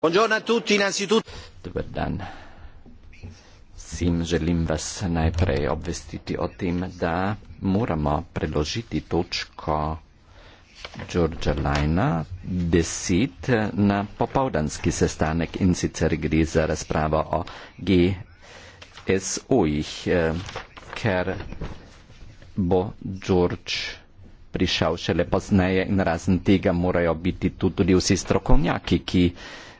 Buongiorno a tutti, innanzitutto. Dobar dan. Sim, želim vas najprej obvestiti o tem, da moramo preložiti točko Đorđa Lajna 10 na popovdanski sestanek in sicer gre za razpravo o GSO-jih, eh, ker bo Đorđ prišel šele pozneje in razen tega morajo biti tudi vsi strokovnjaki, ki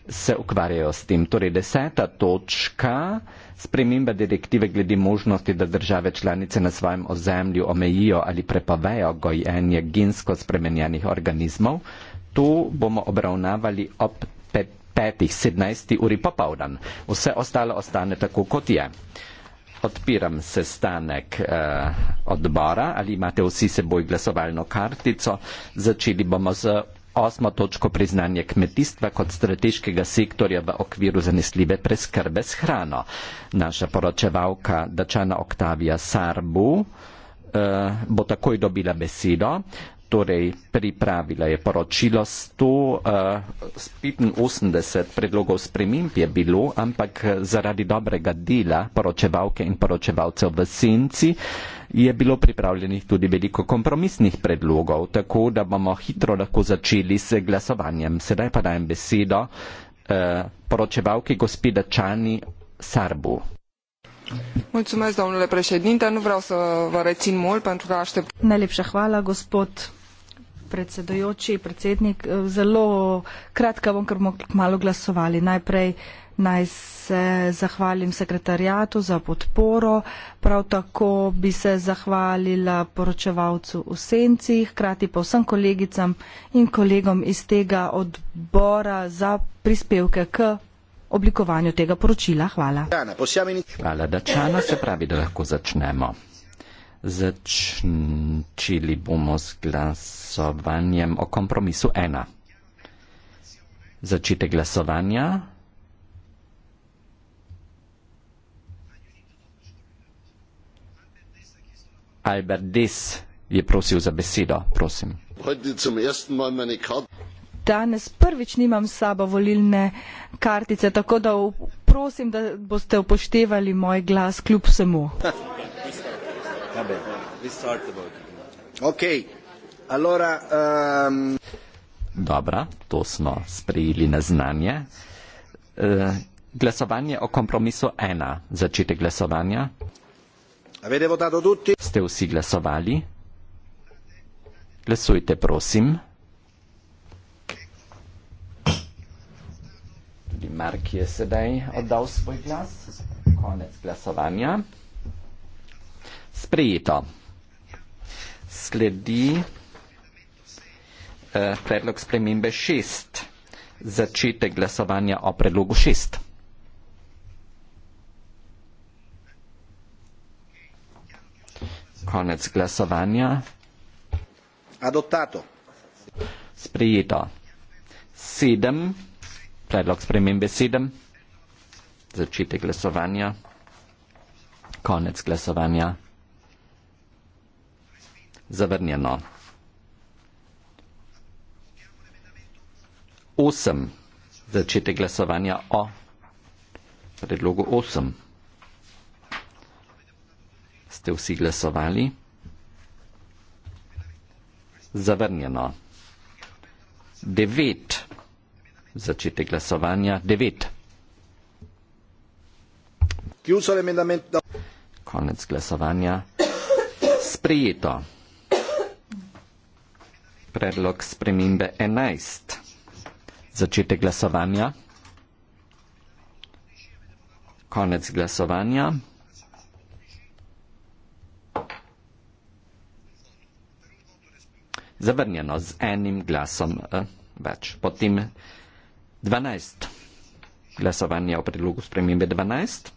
se ukvarjajo s tem. Torej, deseta točka, sprememba direktive glede možnosti, da države članice na svojem ozemlju omejijo ali prepovejo gojenje gensko spremenjenih organizmov, to bomo obravnavali ob 5.17. uri popovdan. Vse ostalo ostane tako, kot je. Odpiram sestanek eh, odbora, ali imate vsi seboj glasovalno kartico. Začeli bomo z osmo točko priznanje kmetijstva kot strateškega sektorja v okviru zanesljive preskrbe s hrano. Naša poročevalka Dačana Oktavija Sarbu uh, bo takoj dobila besedo torej pripravila je poročilo 185 eh, predlogov sprememb je bilo, ampak eh, zaradi dobrega dela poročevalke in poročevalcev v senci je bilo pripravljenih tudi veliko kompromisnih predlogov, tako da bomo hitro lahko začeli s glasovanjem. Sedaj pa dajem besedo eh, poročevalki gospoda Čani Sarbu. Mulțumesc, domnule președinte. Nu vreau să vă rețin mult pentru că aștept. Nelipșe, hvala, gospod predsedujoči, predsednik. Eh, zelo kratka bom, ker bomo malo glasovali. Najprej naj se zahvalim sekretarjatu za podporo, prav tako bi se zahvalila poročevalcu v senci, hkrati pa vsem kolegicam in kolegom iz tega odbora za prispevke k oblikovanju tega poročila. Hvala. Hvala, Dačana, se pravi, da lahko začnemo začeli bomo z glasovanjem o kompromisu 1. Začetek glasovanja. Albert Dis je prosil za besedo, prosim. Danes prvič nimam sabo volilne kartice, tako da prosim, da boste upoštevali moj glas kljub vsemu. Vabbè, we start the ok, allora... Um... Dobra, to smo sprejeli na znanje. Uh, glasovanje o kompromisu 1, začetek glasovanja. Avete votato tutti? Ste vsi glasovali? Glasujte, prosim. Tudi Mark je sedaj oddal svoj glas. Konec glasovanja sprejeta. Sledi eh, predlog spremembe šest, začetek glasovanja o predlogu šest. Konec glasovanja. Adottato. Sprejeto. Sedem, predlog spremembe sedem, začetek glasovanja. Konec glasovanja zavrnjeno. Osem. Začetek glasovanja o predlogu osem. Ste vsi glasovali? Zavrnjeno. Devet. Začetek glasovanja devet. Konec glasovanja. Sprejeto predlog spremembe 11. Začetek glasovanja. Konec glasovanja. Zavrnjeno z enim glasom eh, več. Potem 12. Glasovanje o predlogu spremembe 12.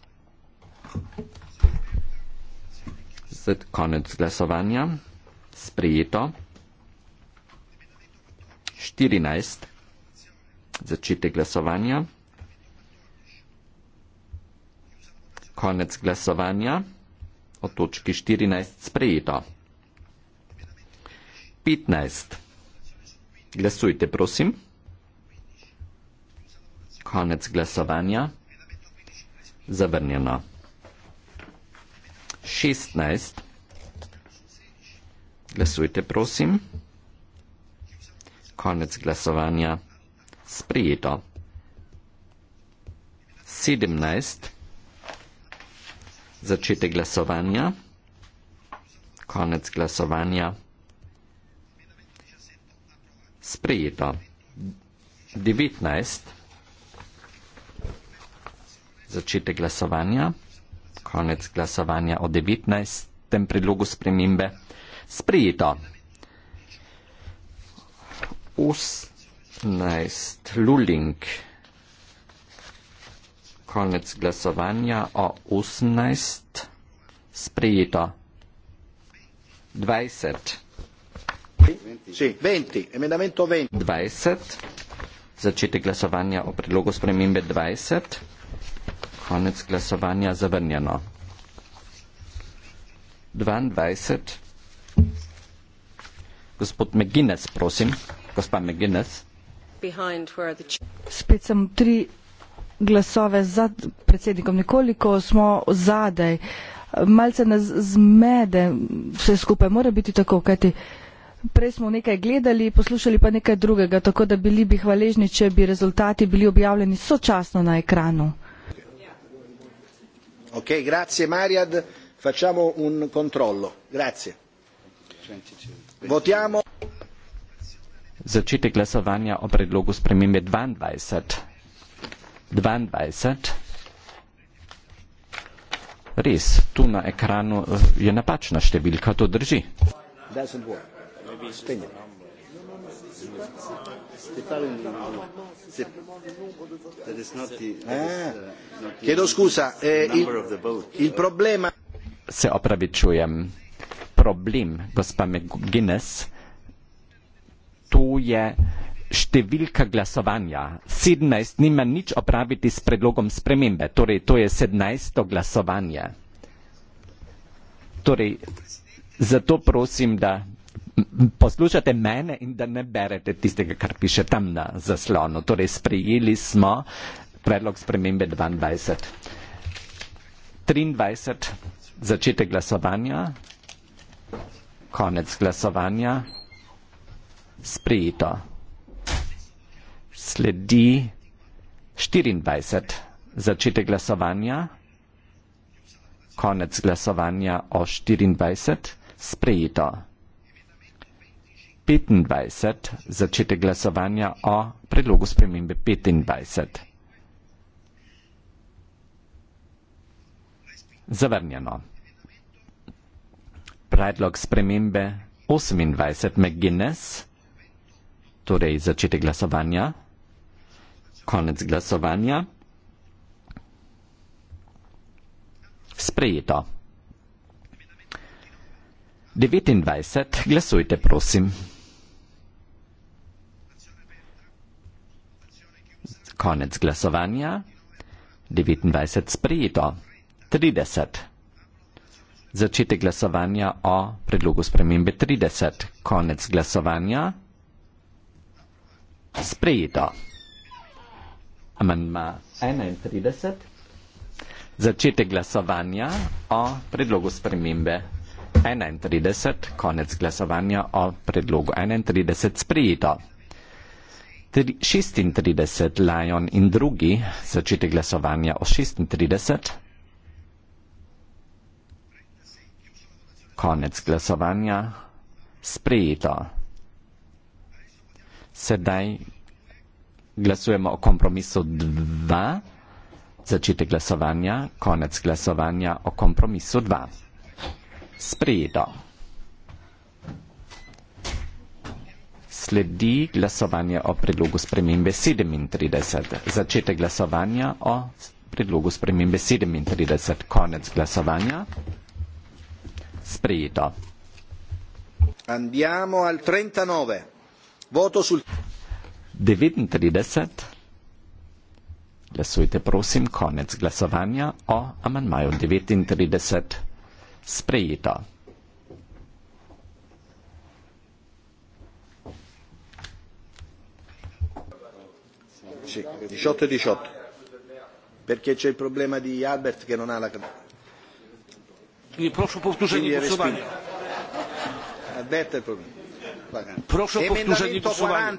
Zdaj konec glasovanja. Sprijeto. 14. Začetek glasovanja. Konec glasovanja. O točki 14 sprejeto. 15. Glasujte, prosim. Konec glasovanja. Zavrnjeno. 16. Glasujte, prosim koniec glasovanja sprejeto. 17. Začetek glasovanja. Konec glasovanja. Sprejeto. 19. Začetek glasovanja. Konec glasovanja o 19. predlogu spremembe. Sprejeto osemnajst luling. Konec glasovanja o osemnajst sprejeto. Dvajset. Dvajset. Začetek glasovanja o predlogu spremembe dvajset. Konec glasovanja zavrnjeno. Dvaindvajset. Gospod McGuinness, prosim gospa McGuinness. Spet sem tri glasove za predsednikom, nekoliko smo zadaj, malce nas zmede vse skupaj, mora biti tako, kajti prej smo nekaj gledali, poslušali pa nekaj drugega, tako da bili bi hvaležni, če bi rezultati bili objavljeni sočasno na ekranu. Ok, grazie Marjad, facciamo un controllo. Grazie. Votiamo začetek glasovanja o predlogu spremembe 22. 22. Res, tu na ekranu eh, je napačna številka, to drži. Ah. Uh, eh, Se opravičujem, problem, gospa McGuinness, to je številka glasovanja. Sedemnajst nima nič opraviti s predlogom spremembe, torej to je sedemnajsto glasovanje. Torej, zato prosim, da poslušate mene in da ne berete tistega, kar piše tam na zaslonu. Torej, sprejeli smo predlog spremembe 22. 23. Začetek glasovanja. Konec glasovanja sprejeto. Sledi 24. Začete glasovanja. Konec glasovanja o 24. Sprejeto. 25. Začete glasovanja o predlogu spremembe 25. Zavrnjeno. Predlog spremembe 28. McGuinness torej začetek glasovanja, konec glasovanja. Sprejeto. 29. Glasujte, prosim. Konec glasovanja. 29. Sprejeto. 30. Začetek glasovanja o predlogu spremembe 30. Konec glasovanja sprejeta. Amendma 31. Začete glasovanja o predlogu spremembe 31. Konec glasovanja o predlogu 31. Sprejeto. 36. Lajon in drugi. Začete glasovanja o 36. Konec glasovanja. Sprejeto sedaj glasujemo o kompromisu 2, začetek glasovanja, konec glasovanja o kompromisu 2. Sprejeto. Sledi glasovanje o predlogu spremembe 37. Začetek glasovanja o predlogu spremembe 37. Konec glasovanja. Sprejeto. Andiamo al 39. 39. Glasujte prosim konec glasovanja o amanmaju 39. Sprejeto. Sì, 18 e 18 perché c'è il problema di Albert che non ha la quindi prossimo posto c'è il problema Alberto è il problema Прошу повторити голосування.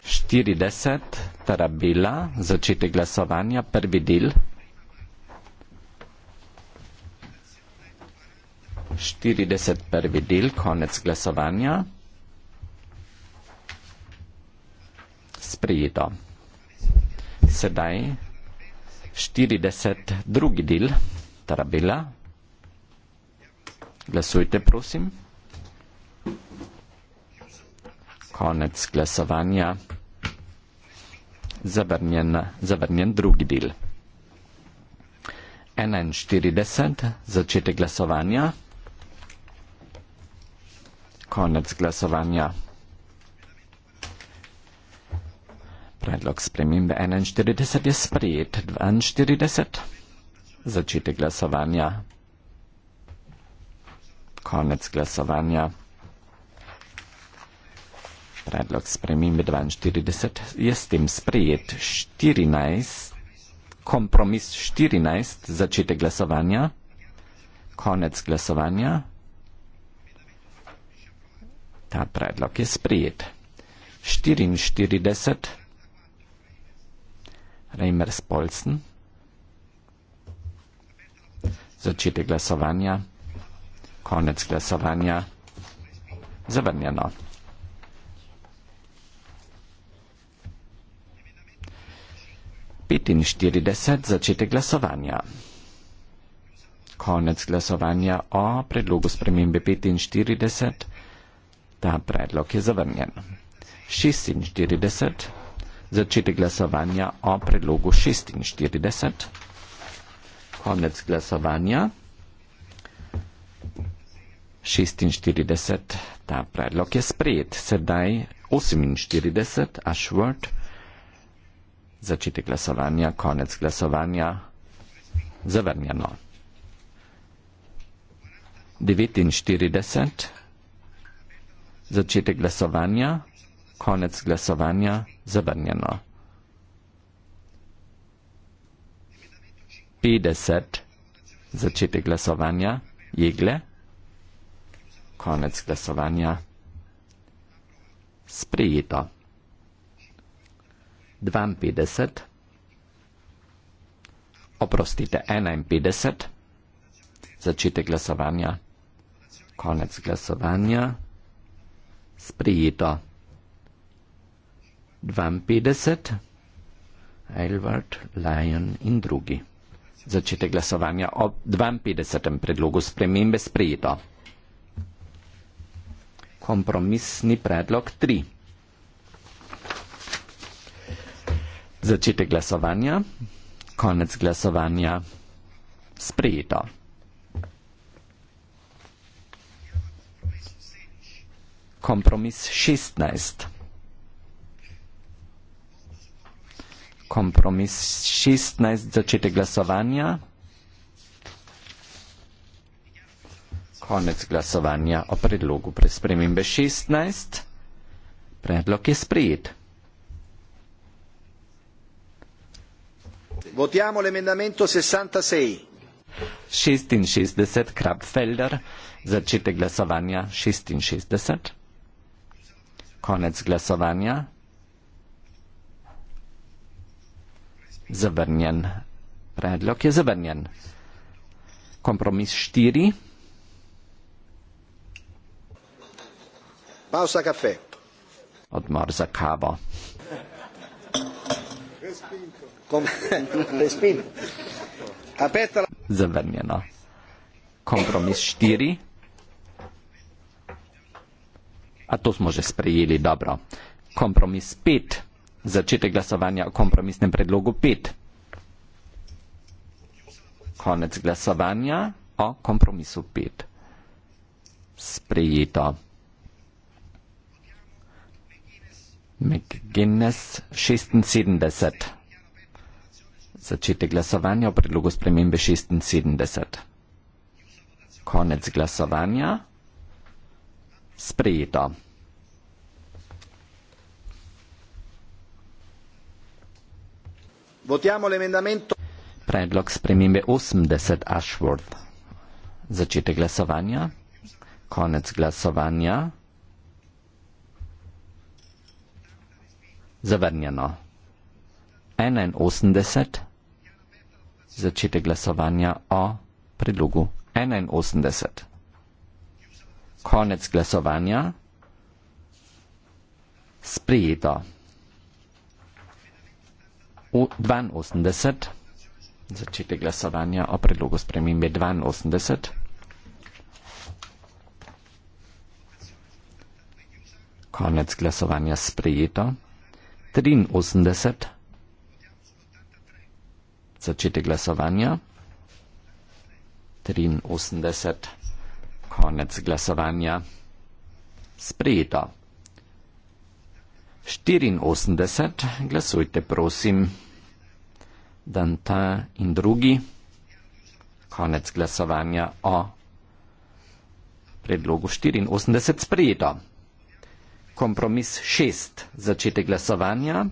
40 Тарабіла, зачити голосування, перший діл. 41 діл, конець голосування. Сприйто. Седай. 42 діл, Тарабіла. Glasujte, prosim. konec glasovanja. Zavrnjen, zavrnjen drugi del. 41. Začetek glasovanja. Konec glasovanja. Predlog spremembe 41 je sprejet. 42. Začetek glasovanja. Konec glasovanja predlog spremembe 42 je s tem sprejet 14, kompromis 14, začetek glasovanja, konec glasovanja. Ta predlog je sprejet. 44, Reimer Spolsen, začetek glasovanja, konec glasovanja, zavrnjeno. 45 začetek glasovanja. Konec glasovanja o predlogu spremembe 45. Ta predlog je zavrnjen. 46. Začetek glasovanja o predlogu 46. Konec glasovanja. 46. Ta predlog je sprejet. Sedaj 48. Ashworth začetek glasovanja, konec glasovanja, zavrnjeno. 49. Začetek glasovanja, konec glasovanja, zavrnjeno. 50. Začetek glasovanja, jegle, konec glasovanja, sprejeto. 52, oprostite 51, začetek glasovanja, konec glasovanja, sprijeto 52, Elvard, Lion in drugi. Začetek glasovanja o 52. predlogu spremembe sprejeto. Kompromisni predlog 3. začetek glasovanja, konec glasovanja, sprejeto. Kompromis 16. Kompromis 16, začetek glasovanja, konec glasovanja o predlogu pre spremembe 16, predlog je sprejet. votiamo l'emendamento 66. 66 Krabfelder, začetek glasovanja 66. Konec glasovanja. Zavrnjen. Predlog je zavrnjen. Kompromis 4. Pausa kafe. Odmor za kavo. Zavrnjeno. Kompromis štiri. A to smo že sprejeli dobro. Kompromis pet. Začetek glasovanja o kompromisnem predlogu pet. Konec glasovanja o kompromisu pet. Sprejeto. McGinnis 76. Začete glasovanje o predlogu spremembe 76. Konec glasovanja. Sprejeto. Votiamo l'emendamento. Predlog spremembe 80 Ashworth. Začete glasovanja. Konec glasovanja. zavrnjeno. 81. Začetek glasovanja o predlogu 81. Konec glasovanja. Sprijeto. 82. Začetek glasovanja o predlogu spremembe 82. Konec glasovanja sprejeto. 83. Začeti glasovanja. 83. Konec glasovanja. Sprejeto. 84. Glasujte, prosim. Danta in drugi. Konec glasovanja o predlogu 84. Sprejeto kompromis šest začetek glasovanja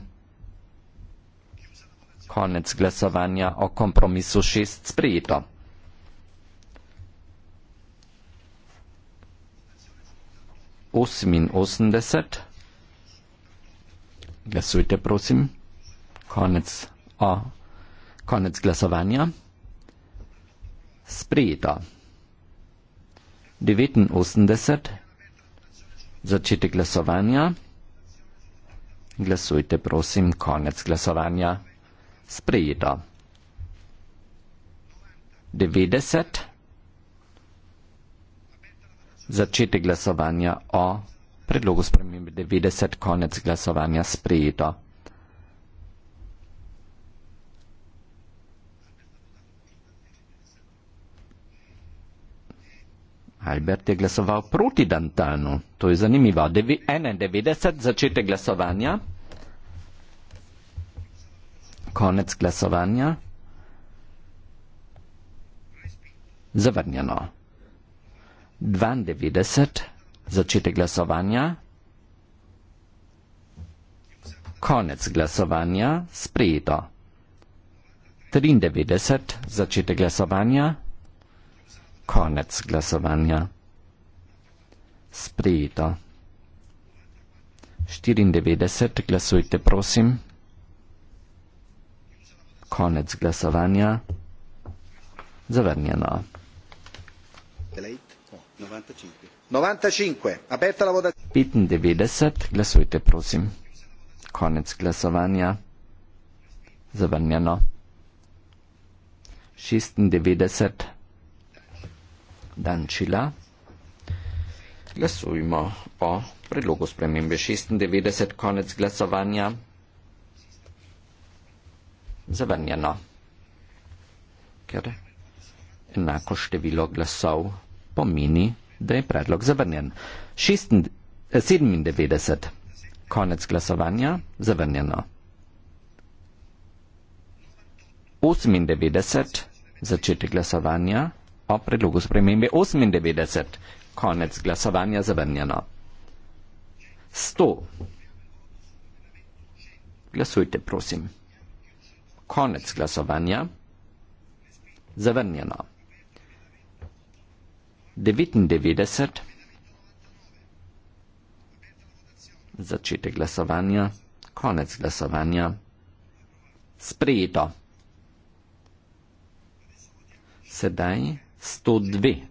konec glasovanja o kompromisu šest sprejeto oseminosemdeset glasujte prosim konec o konec glasovanja sprejeto devetinosemdeset začetek glasovanja. Glasujte, prosim, konec glasovanja. Sprejeto. 90. Začetek glasovanja o predlogu spremembe 90. Konec glasovanja sprejeto. Albert je glasoval proti Dantanu, to je zanimivo. 91 začete glasovanja, konec glasovanja, zavrnjeno. 92 začete glasovanja, konec glasovanja, sprejeto. 93 začete glasovanja, konec glasovanja. Sprejeto. 94 glasujte, prosim. Konec glasovanja. Zavrnjeno. 95 glasujte, prosim. Konec glasovanja. Zavrnjeno. 96 glasujte, prosim. Dančila. Glasujmo o predlogu spremembe 96, konec glasovanja. Zavrnjeno. Ker enako število glasov pomeni, da je predlog zavrnjen. 97, konec glasovanja, zavrnjeno. 98, začetek glasovanja, o predlogu spremembe 98, konec glasovanja zavrnjeno. 100. Glasujte, prosim. Konec glasovanja. Zavrnjeno. 99. Začetek glasovanja. Konec glasovanja. Sprejeto. Sedaj 102.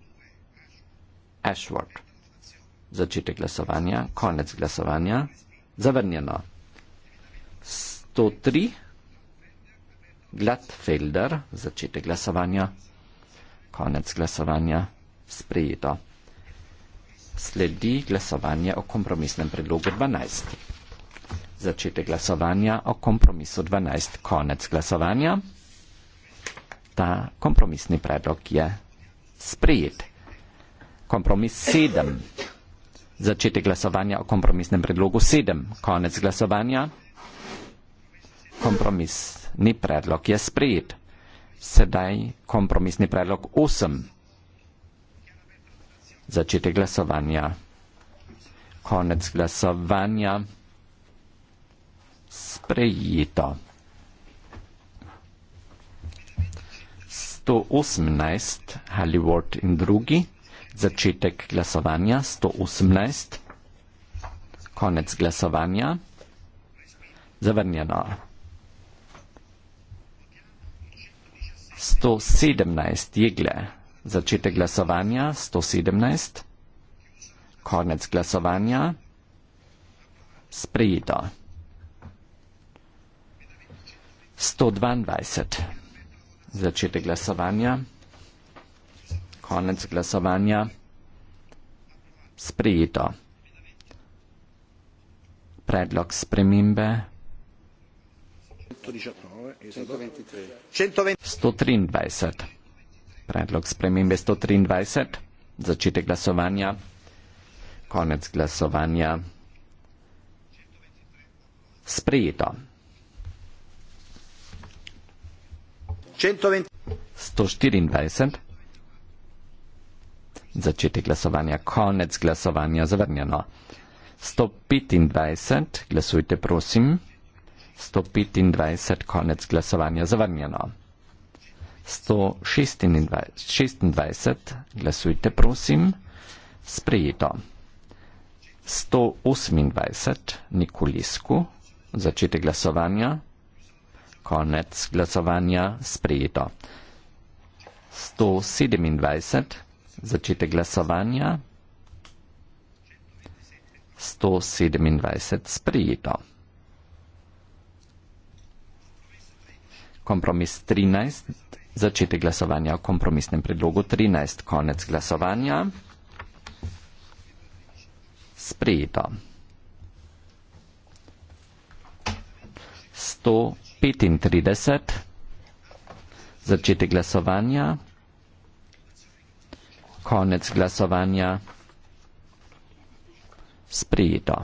Ashworth. Začetek glasovanja, konec glasovanja. Zavrnjeno. 103. Gladfelder. Začetek glasovanja, konec glasovanja. Sprejeto. Sledi glasovanje o kompromisnem predlogu 12. Začetek glasovanja o kompromisu 12. Konec glasovanja. Ta kompromisni predlog je sprejet. Kompromis sedem. Začetek glasovanja o kompromisnem predlogu sedem. Konec glasovanja. Kompromisni predlog je sprejet. Sedaj kompromisni predlog osem. Začetek glasovanja. Konec glasovanja. Sprejeto. 118, Hollywood in drugi, začetek glasovanja 118, konec glasovanja, zavrnjeno. 117, Jegle, začetek glasovanja 117, konec glasovanja, sprejeto. 122 začetek glasovanja, konec glasovanja, sprejeto. Predlog spremembe 123. Predlog spremembe 123. Začetek glasovanja, konec glasovanja, sprejeto. 124. Začetek glasovanja, konec glasovanja, zavrnjeno. 125. Glasujte, prosim. 125. Konec glasovanja, zavrnjeno. 126. Glasujte, prosim. Sprejeto. 128. Nikolisku. Začetek glasovanja konec glasovanja sprejeto. 127, začete glasovanja. 127, sprejeto. Kompromis 13, začete glasovanja o kompromisnem predlogu 13, konec glasovanja. Sprejeto. 35. Začetek glasovanja. Konec glasovanja. Sprijeto.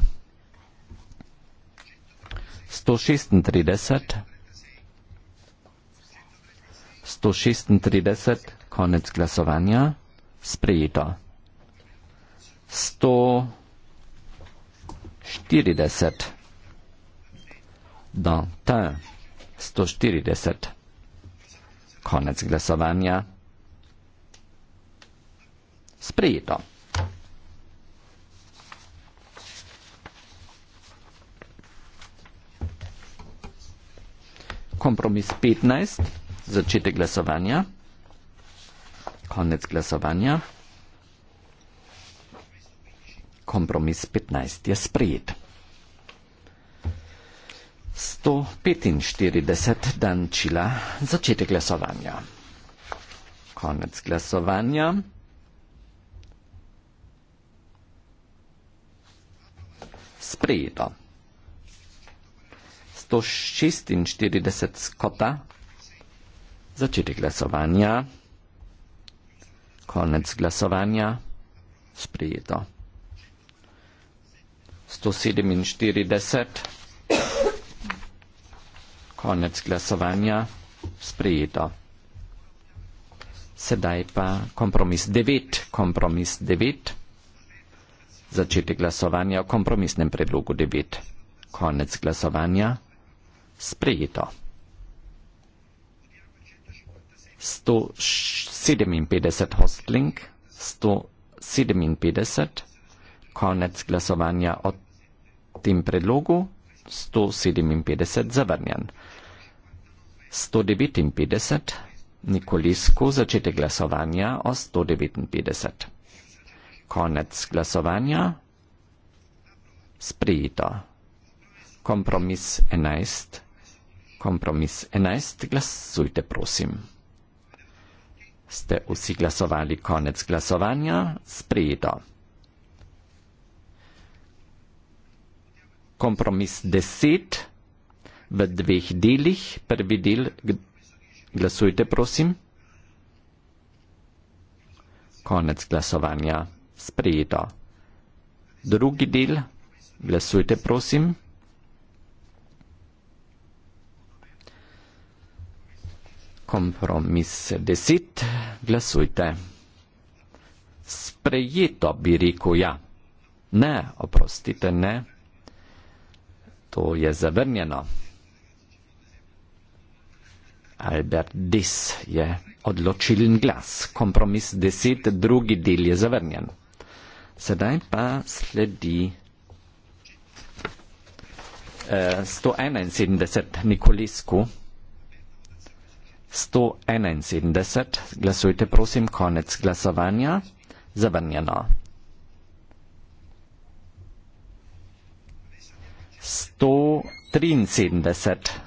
136. 136. Konec glasovanja. Sprijeto. 140. Dans 140. Konec glasovanja. Sprejeto. Kompromis 15. Začetek glasovanja. Konec glasovanja. Kompromis 15 je sprejet. 145 dan čila začetek glasovanja. Konec glasovanja. Sprejeto. 146 skota. Začetek glasovanja. Konec glasovanja. Sprejeto. 147. Konec glasovanja sprejeto. Sedaj pa kompromis 9. Kompromis 9. Začetek glasovanja o kompromisnem predlogu 9. Konec glasovanja sprejeto. 157 hostling, 157, konec glasovanja o tem predlogu, 157 zavrnjen. 159, Nikolisko začete glasovanja o 159. Konec glasovanja. Sprijeto. Kompromis 11. Kompromis 11. Glasujte, prosim. Ste vsi glasovali konec glasovanja? Sprijeto. Kompromis 10 v dveh delih. Prvi del, glasujte prosim. Konec glasovanja. Sprejeto. Drugi del, glasujte prosim. Kompromis 10, glasujte. Sprejeto bi rekel ja. Ne, oprostite, ne. To je zavrnjeno. Albert Dis je odločilen glas. Kompromis deset, drugi del je zavrnjen. Sedaj pa sledi eh, 171 Nikolesku. 171, glasujte prosim, konec glasovanja, zavrnjeno. 173.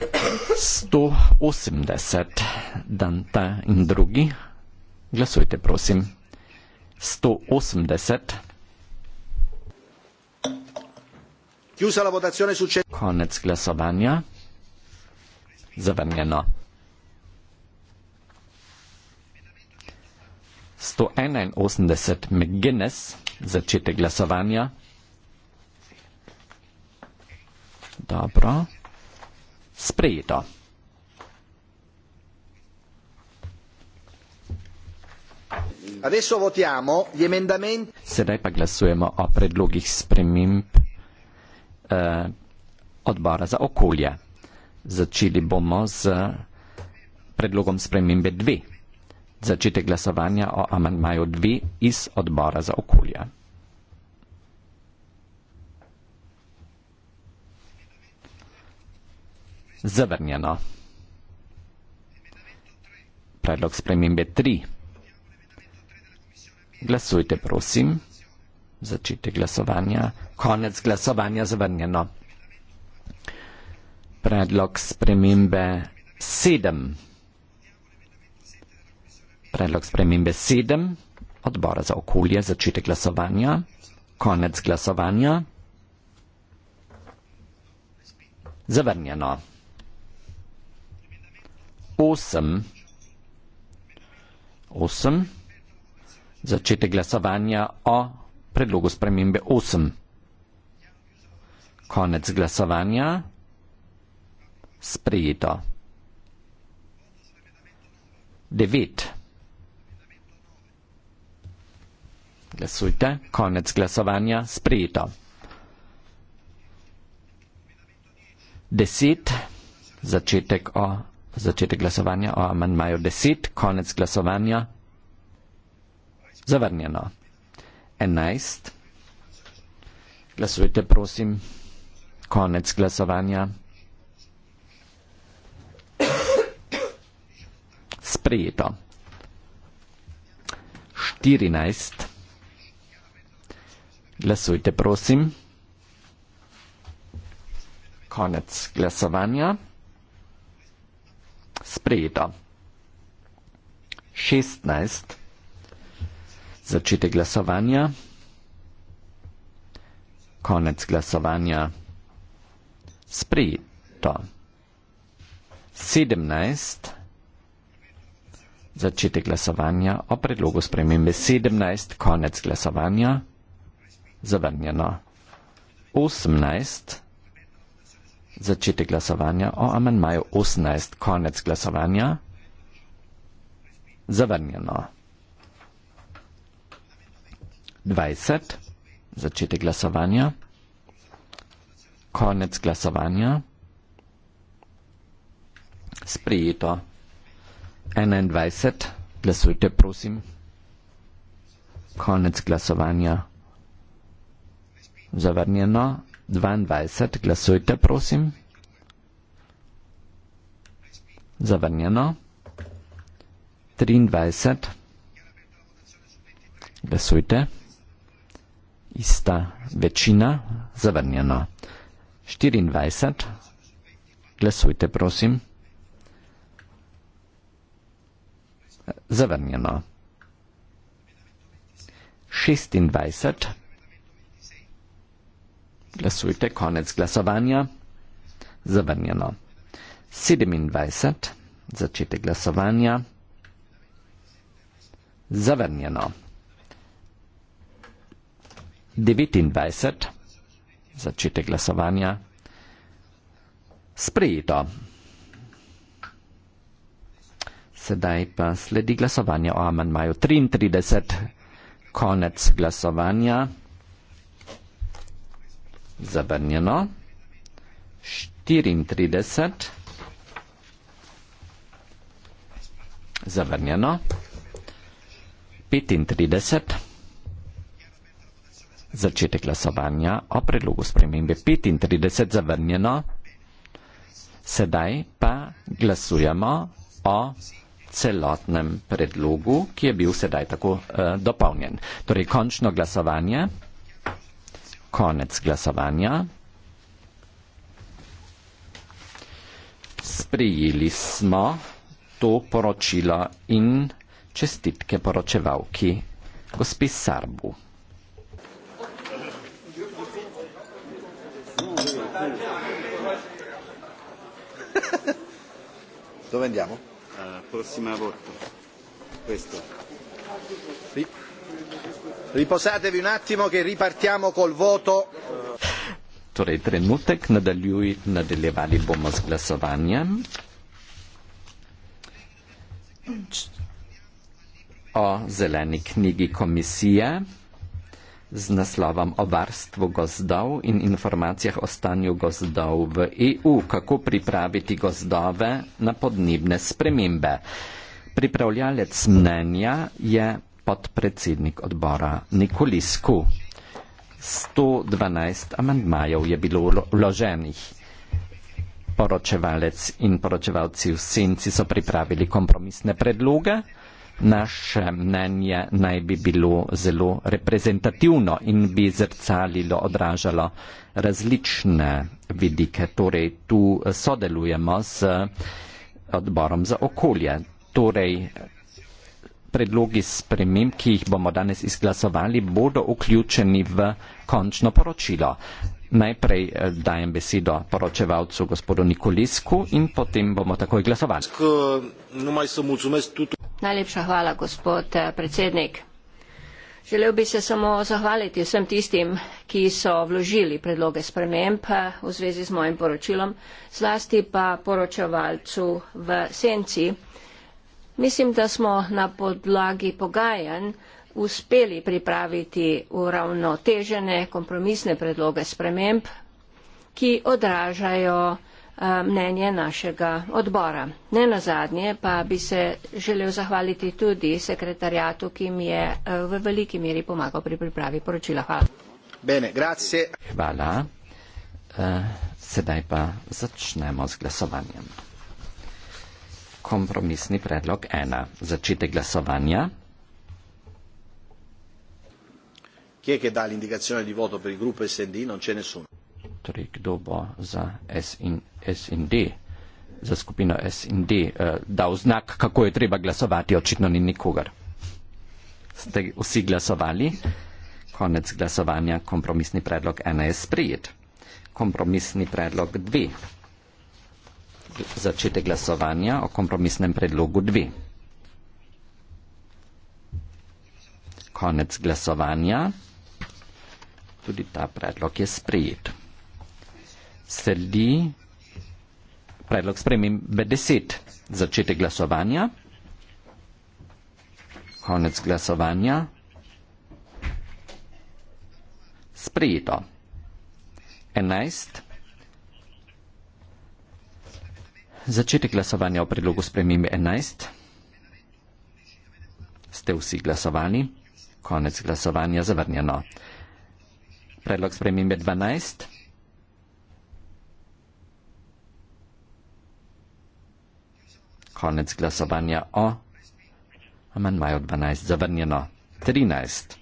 180, Dante in drugi. Glasujte, prosim. 180. Chiusa la votazione successiva. Konec glasovanja. Zavrnjeno. 181 McGuinness, začetek glasovanja. Dobro sprejeto. Sedaj pa glasujemo o predlogih sprememb eh, odbora za okolje. Začeli bomo z predlogom spremembe 2. Začete glasovanja o amantmaju 2 iz odbora za okolje. zavrnjeno. Predlog spremembe 3. Glasujte, prosim. Začite glasovanja. Konec glasovanja zavrnjeno. Predlog spremembe 7. Predlog spremembe 7. Odbora za okolje. Začite glasovanja. Konec glasovanja. Zavrnjeno. 8, 8, začetek glasovanja o predlogu spremembe 8. Konec glasovanja, sprejeto. 9. Glasujte, konec glasovanja, sprejeto. 10. Začetek o začetek glasovanja o amandmaju 10, konec glasovanja. Zavrnjeno. 11. Glasujte, prosim. Konec glasovanja. Sprejeto. 14. Glasujte, prosim. Konec glasovanja sprejeta. 16. Začetek glasovanja. Konec glasovanja. Sprejeto. 17. Začetek glasovanja o predlogu spremembe 17. Konec glasovanja. Zavrnjeno. 18 začetek glasovanja o amenmaju 18, konec glasovanja. Zavrnjeno. 20, začetek glasovanja. Konec glasovanja. Sprijeto. 21, glasujte prosim. Konec glasovanja. Zavrnjeno dvaindvajset glasujte prosim zavrnjeno triindvajset glasujte ista večina zavrnjeno štiriindvajset glasujte prosim zavrnjeno šestindvajset glasujte, konec glasovanja. Zavrnjeno. 27, začetek glasovanja. Zavrnjeno. 29, začetek glasovanja. Sprejeto. Sedaj pa sledi glasovanje o amandmaju 33, konec glasovanja zabrnjeno, 34 zavrnjeno, 35 začetek glasovanja o predlogu spremembe, 35 zavrnjeno, sedaj pa glasujemo o celotnem predlogu, ki je bil sedaj tako uh, dopolnjen. Torej, končno glasovanje konec glasovanja. Sprijeli smo to poročilo in čestitke poročevalki gospi Sarbu. Dove andiamo? Uh, prossima volta. Questo. Sì. Riposatevi un attimo che ripartiamo col voto. Torej, trenutek nadaljuj, nadaljevali bomo z glasovanjem. O zeleni knjigi komisije z naslovom o varstvu gozdov in informacijah o stanju gozdov v EU, kako pripraviti gozdove na podnebne spremembe. Pripravljalec mnenja je podpredsednik odbora Nikolisku. 112 amandmajev je bilo vloženih. Poročevalec in poročevalci v senci so pripravili kompromisne predloge. Naše mnenje naj bi bilo zelo reprezentativno in bi zrcalilo, odražalo različne vidike. Torej, tu sodelujemo z odborom za okolje. Torej, predlogi sprememb, ki jih bomo danes izglasovali, bodo vključeni v končno poročilo. Najprej eh, dajem besedo poročevalcu gospodu Nikolisku in potem bomo takoj glasovali. Najlepša hvala, gospod eh, predsednik. Želel bi se samo zahvaliti vsem tistim, ki so vložili predloge sprememb eh, v zvezi z mojim poročilom, zlasti pa poročevalcu v senci Mislim, da smo na podlagi pogajanj uspeli pripraviti uravnotežene kompromisne predloge sprememb, ki odražajo eh, mnenje našega odbora. Ne na zadnje pa bi se želel zahvaliti tudi sekretarjatu, ki mi je eh, v veliki meri pomagal pri pripravi poročila. Hvala. Bene, Hvala. Eh, sedaj pa začnemo z glasovanjem kompromisni predlog 1. Začetek glasovanja. Kje je dal indikacijo di voto pri grupe SND, no če ne so? Torej, kdo bo za SND, za skupino SND, uh, eh, dal znak, kako je treba glasovati, očitno ni nikogar. Ste vsi glasovali? Konec glasovanja, kompromisni predlog 1 je sprejet. Kompromisni predlog 2 začetek glasovanja o kompromisnem predlogu 2. Konec glasovanja. Tudi ta predlog je sprejet. Sledi predlog spremembe 10. Začetek glasovanja. Konec glasovanja. Sprejeto. 11. začetek glasovanja o predlogu spremembe 11. Ste vsi glasovali? Konec glasovanja zavrnjeno. Predlog spremembe 12. Konec glasovanja o. Amanmajo 12. Zavrnjeno. 13.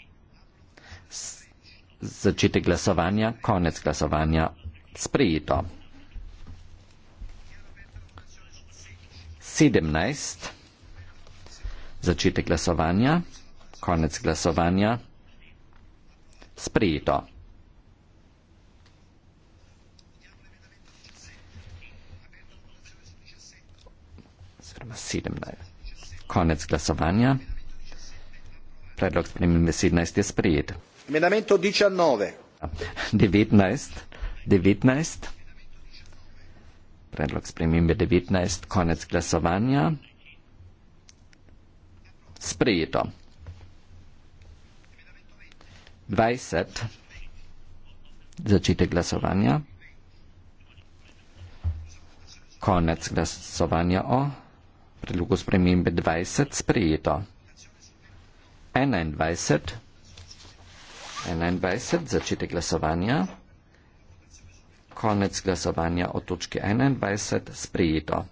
Začetek glasovanja. Konec glasovanja. Sprejeto. 17, začetek glasovanja, konec glasovanja, sprejeto. Konec glasovanja. Predlog spremembe 17 je sprejet. 19. 19 predlog spremembe 19, konec glasovanja. Sprejeto. 20. Začetek glasovanja. Konec glasovanja o predlogu spremembe 20. Sprejeto. 21. 21. Začetek glasovanja konec glasovanja o točki 21 sprejeto.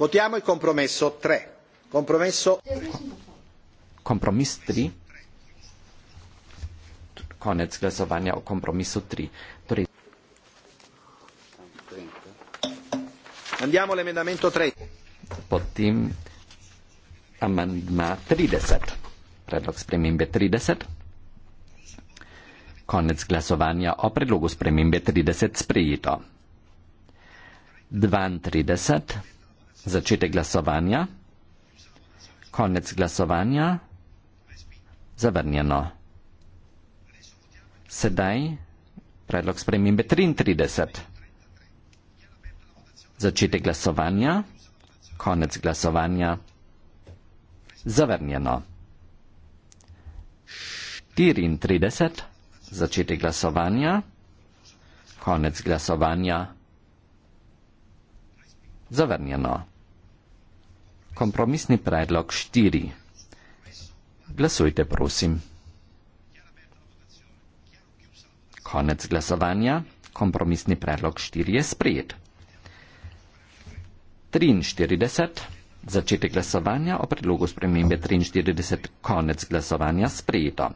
Votiamo il compromesso 3. Compromesso... Kompromis 3. Konec glasovanja o kompromisu 3. Torej... Andiamo l'emendamento 3. Potem amandma 30. Predlog spremembe 30. Konec glasovanja o predlogu spremembe 30 sprejeto. 32. Začetek glasovanja. Konec glasovanja. Zavrnjeno. Sedaj predlog spremembe 33. Začetek glasovanja. Konec glasovanja. Zavrnjeno. 34 začetek glasovanja, konec glasovanja, zavrnjeno. Kompromisni predlog 4. Glasujte, prosim. Konec glasovanja, kompromisni predlog 4 je sprejet. 43. Začetek glasovanja o predlogu spremembe 43. Konec glasovanja sprejeto.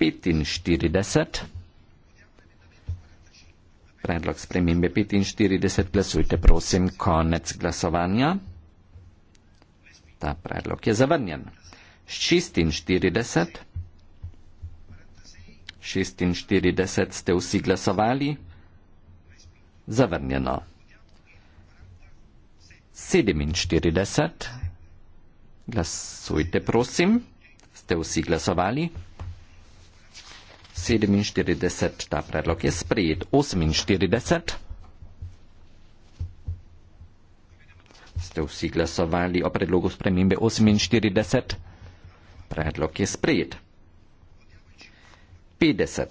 45. Predlog spremembe 45. Glasujte, prosim, konec glasovanja. Ta predlog je zavrnjen. 46. 46 ste vsi glasovali. Zavrnjeno. 47. Glasujte, prosim. Ste vsi glasovali? 47, ta predlog je sprejet. 48. Ste vsi glasovali o predlogu spremembe 48? Predlog je sprejet. 50.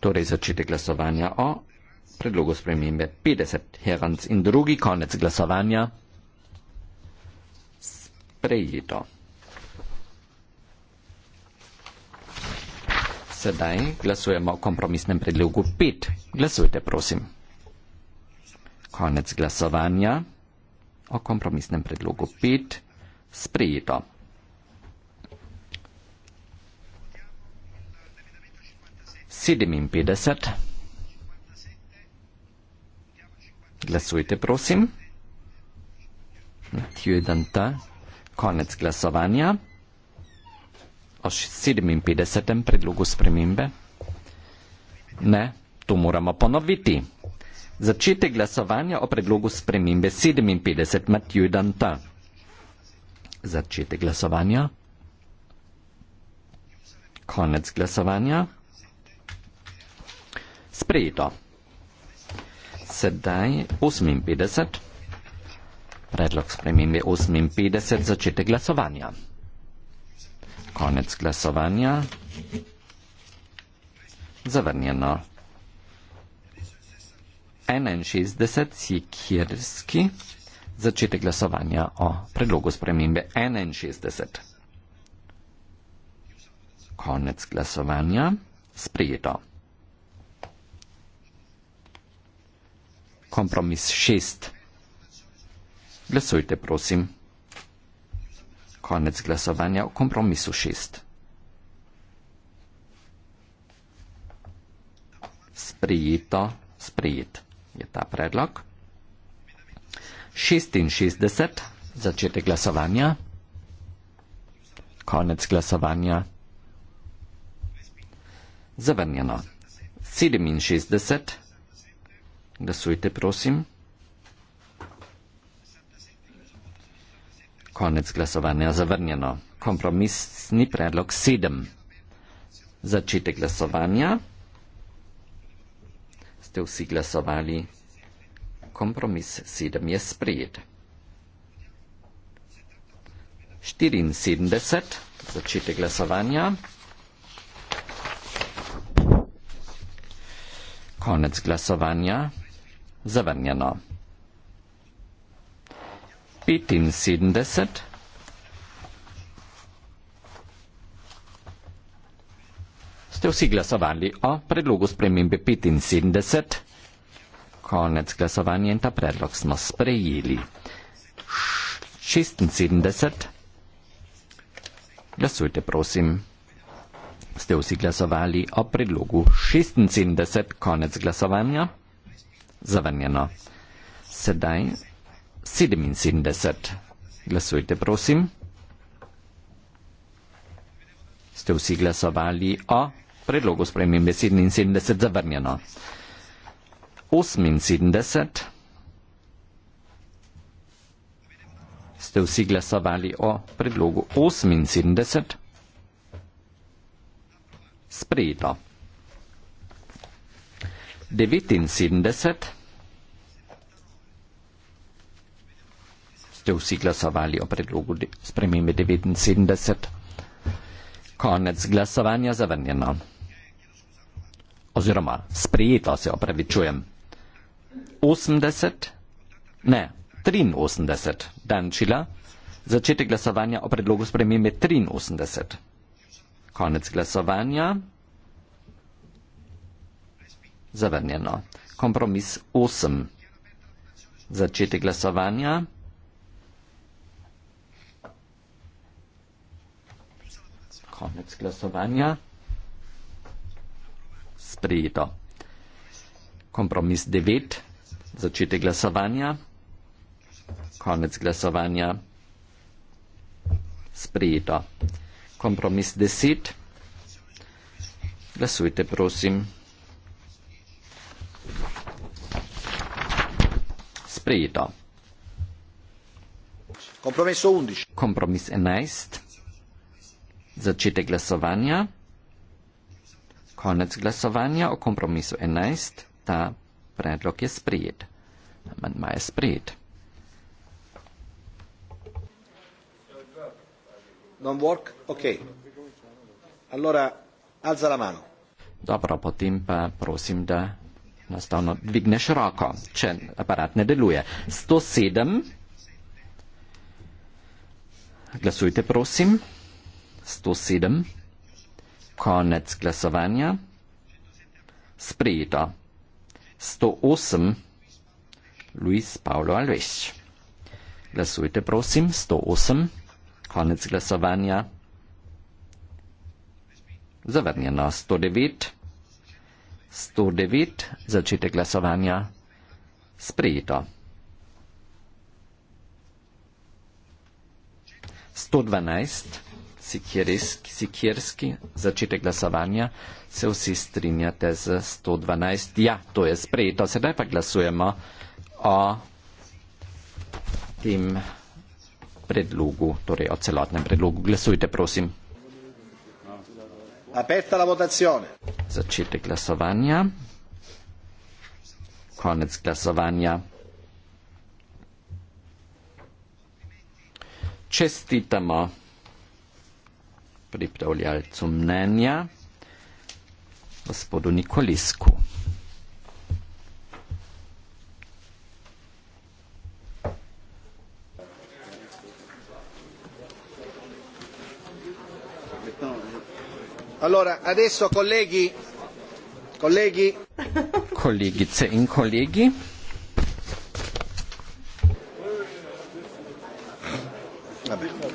Torej začete glasovanja o predlogu spremembe 50. Herans in drugi konec glasovanja. Sprejeto. Sedaj glasujemo o kompromisnem predlogu 5. Glasujte, prosim. Konec glasovanja o kompromisnem predlogu 5. Sprijeto. Sedeminpetdeset. Glasujte, prosim. Tjudanta. Konec glasovanja pa še 57. predlogu spremembe? Ne, to moramo ponoviti. Začetek glasovanja o predlogu spremembe 57. Matjo Danta. Začetek glasovanja. Konec glasovanja. Sprejeto. Sedaj 58. Predlog spremembe 58. Začetek glasovanja konec glasovanja. Zavrnjeno. 61 sikirski. Začetek glasovanja o predlogu spremembe 61. Konec glasovanja. Sprejeto. Kompromis 6. Glasujte, prosim. Konec glasovanja o kompromisu 6. Sprijeto, sprijet je ta predlog. 66, začetek glasovanja. Konec glasovanja. Zavrnjeno. 67. Glasujte, prosim. konec glasovanja zavrnjeno. Kompromisni predlog sedem. Začetek glasovanja. Ste vsi glasovali. Kompromis sedem je sprejet. 74. Začetek glasovanja. Konec glasovanja. Zavrnjeno. 75. Ste vsi glasovali o predlogu spremembe 75? Konec glasovanja in ta predlog smo sprejeli. 76. Glasujte, prosim. Ste vsi glasovali o predlogu 76? Konec glasovanja. Zavrnjeno. Sedaj 77. Glasujte, prosim. Ste vsi glasovali o predlogu spremembe 77 zavrnjeno. 78. Ste vsi glasovali o predlogu 78? Sprejeto. 79. ste vsi glasovali o predlogu spremembe 79. Konec glasovanja zavrnjeno. Oziroma, sprejeto se opravičujem. 80, ne, 83, Dančila, začetek glasovanja o predlogu spremembe 83. Konec glasovanja. Zavrnjeno. Kompromis 8. Začetek glasovanja. konec glasovanja. Sprejeto. Kompromis 9. Začetek glasovanja. Konec glasovanja. Sprejeto. Kompromis 10. Glasujte, prosim. Sprejeto. Kompromis 11 začetek glasovanja, konec glasovanja o kompromisu 11, ta predlog je sprejet. Amandma je sprejet. Dobro, potem pa prosim, da nastavno dvigneš roko, če aparat ne deluje. 107. Glasujte, prosim. 107, konec glasovanja, sprejeto 108, Luis Paulo Alves. Glasujte prosim, 108, konec glasovanja, zavrnjeno 109, 109, začetek glasovanja, sprejeto. 112, Sikirski, začetek glasovanja, se vsi strinjate z 112. Ja, to je sprejeto. Sedaj pa glasujemo o tem predlogu, torej o celotnem predlogu. Glasujte, prosim. Aperta la votazione. Začetek glasovanja. Konec glasovanja. Čestitamo pripravljalcu mnenja, gospodu Nikolisku. Allora, adesso colleghi, colleghi. Kolegice in kolegi. Vabbè.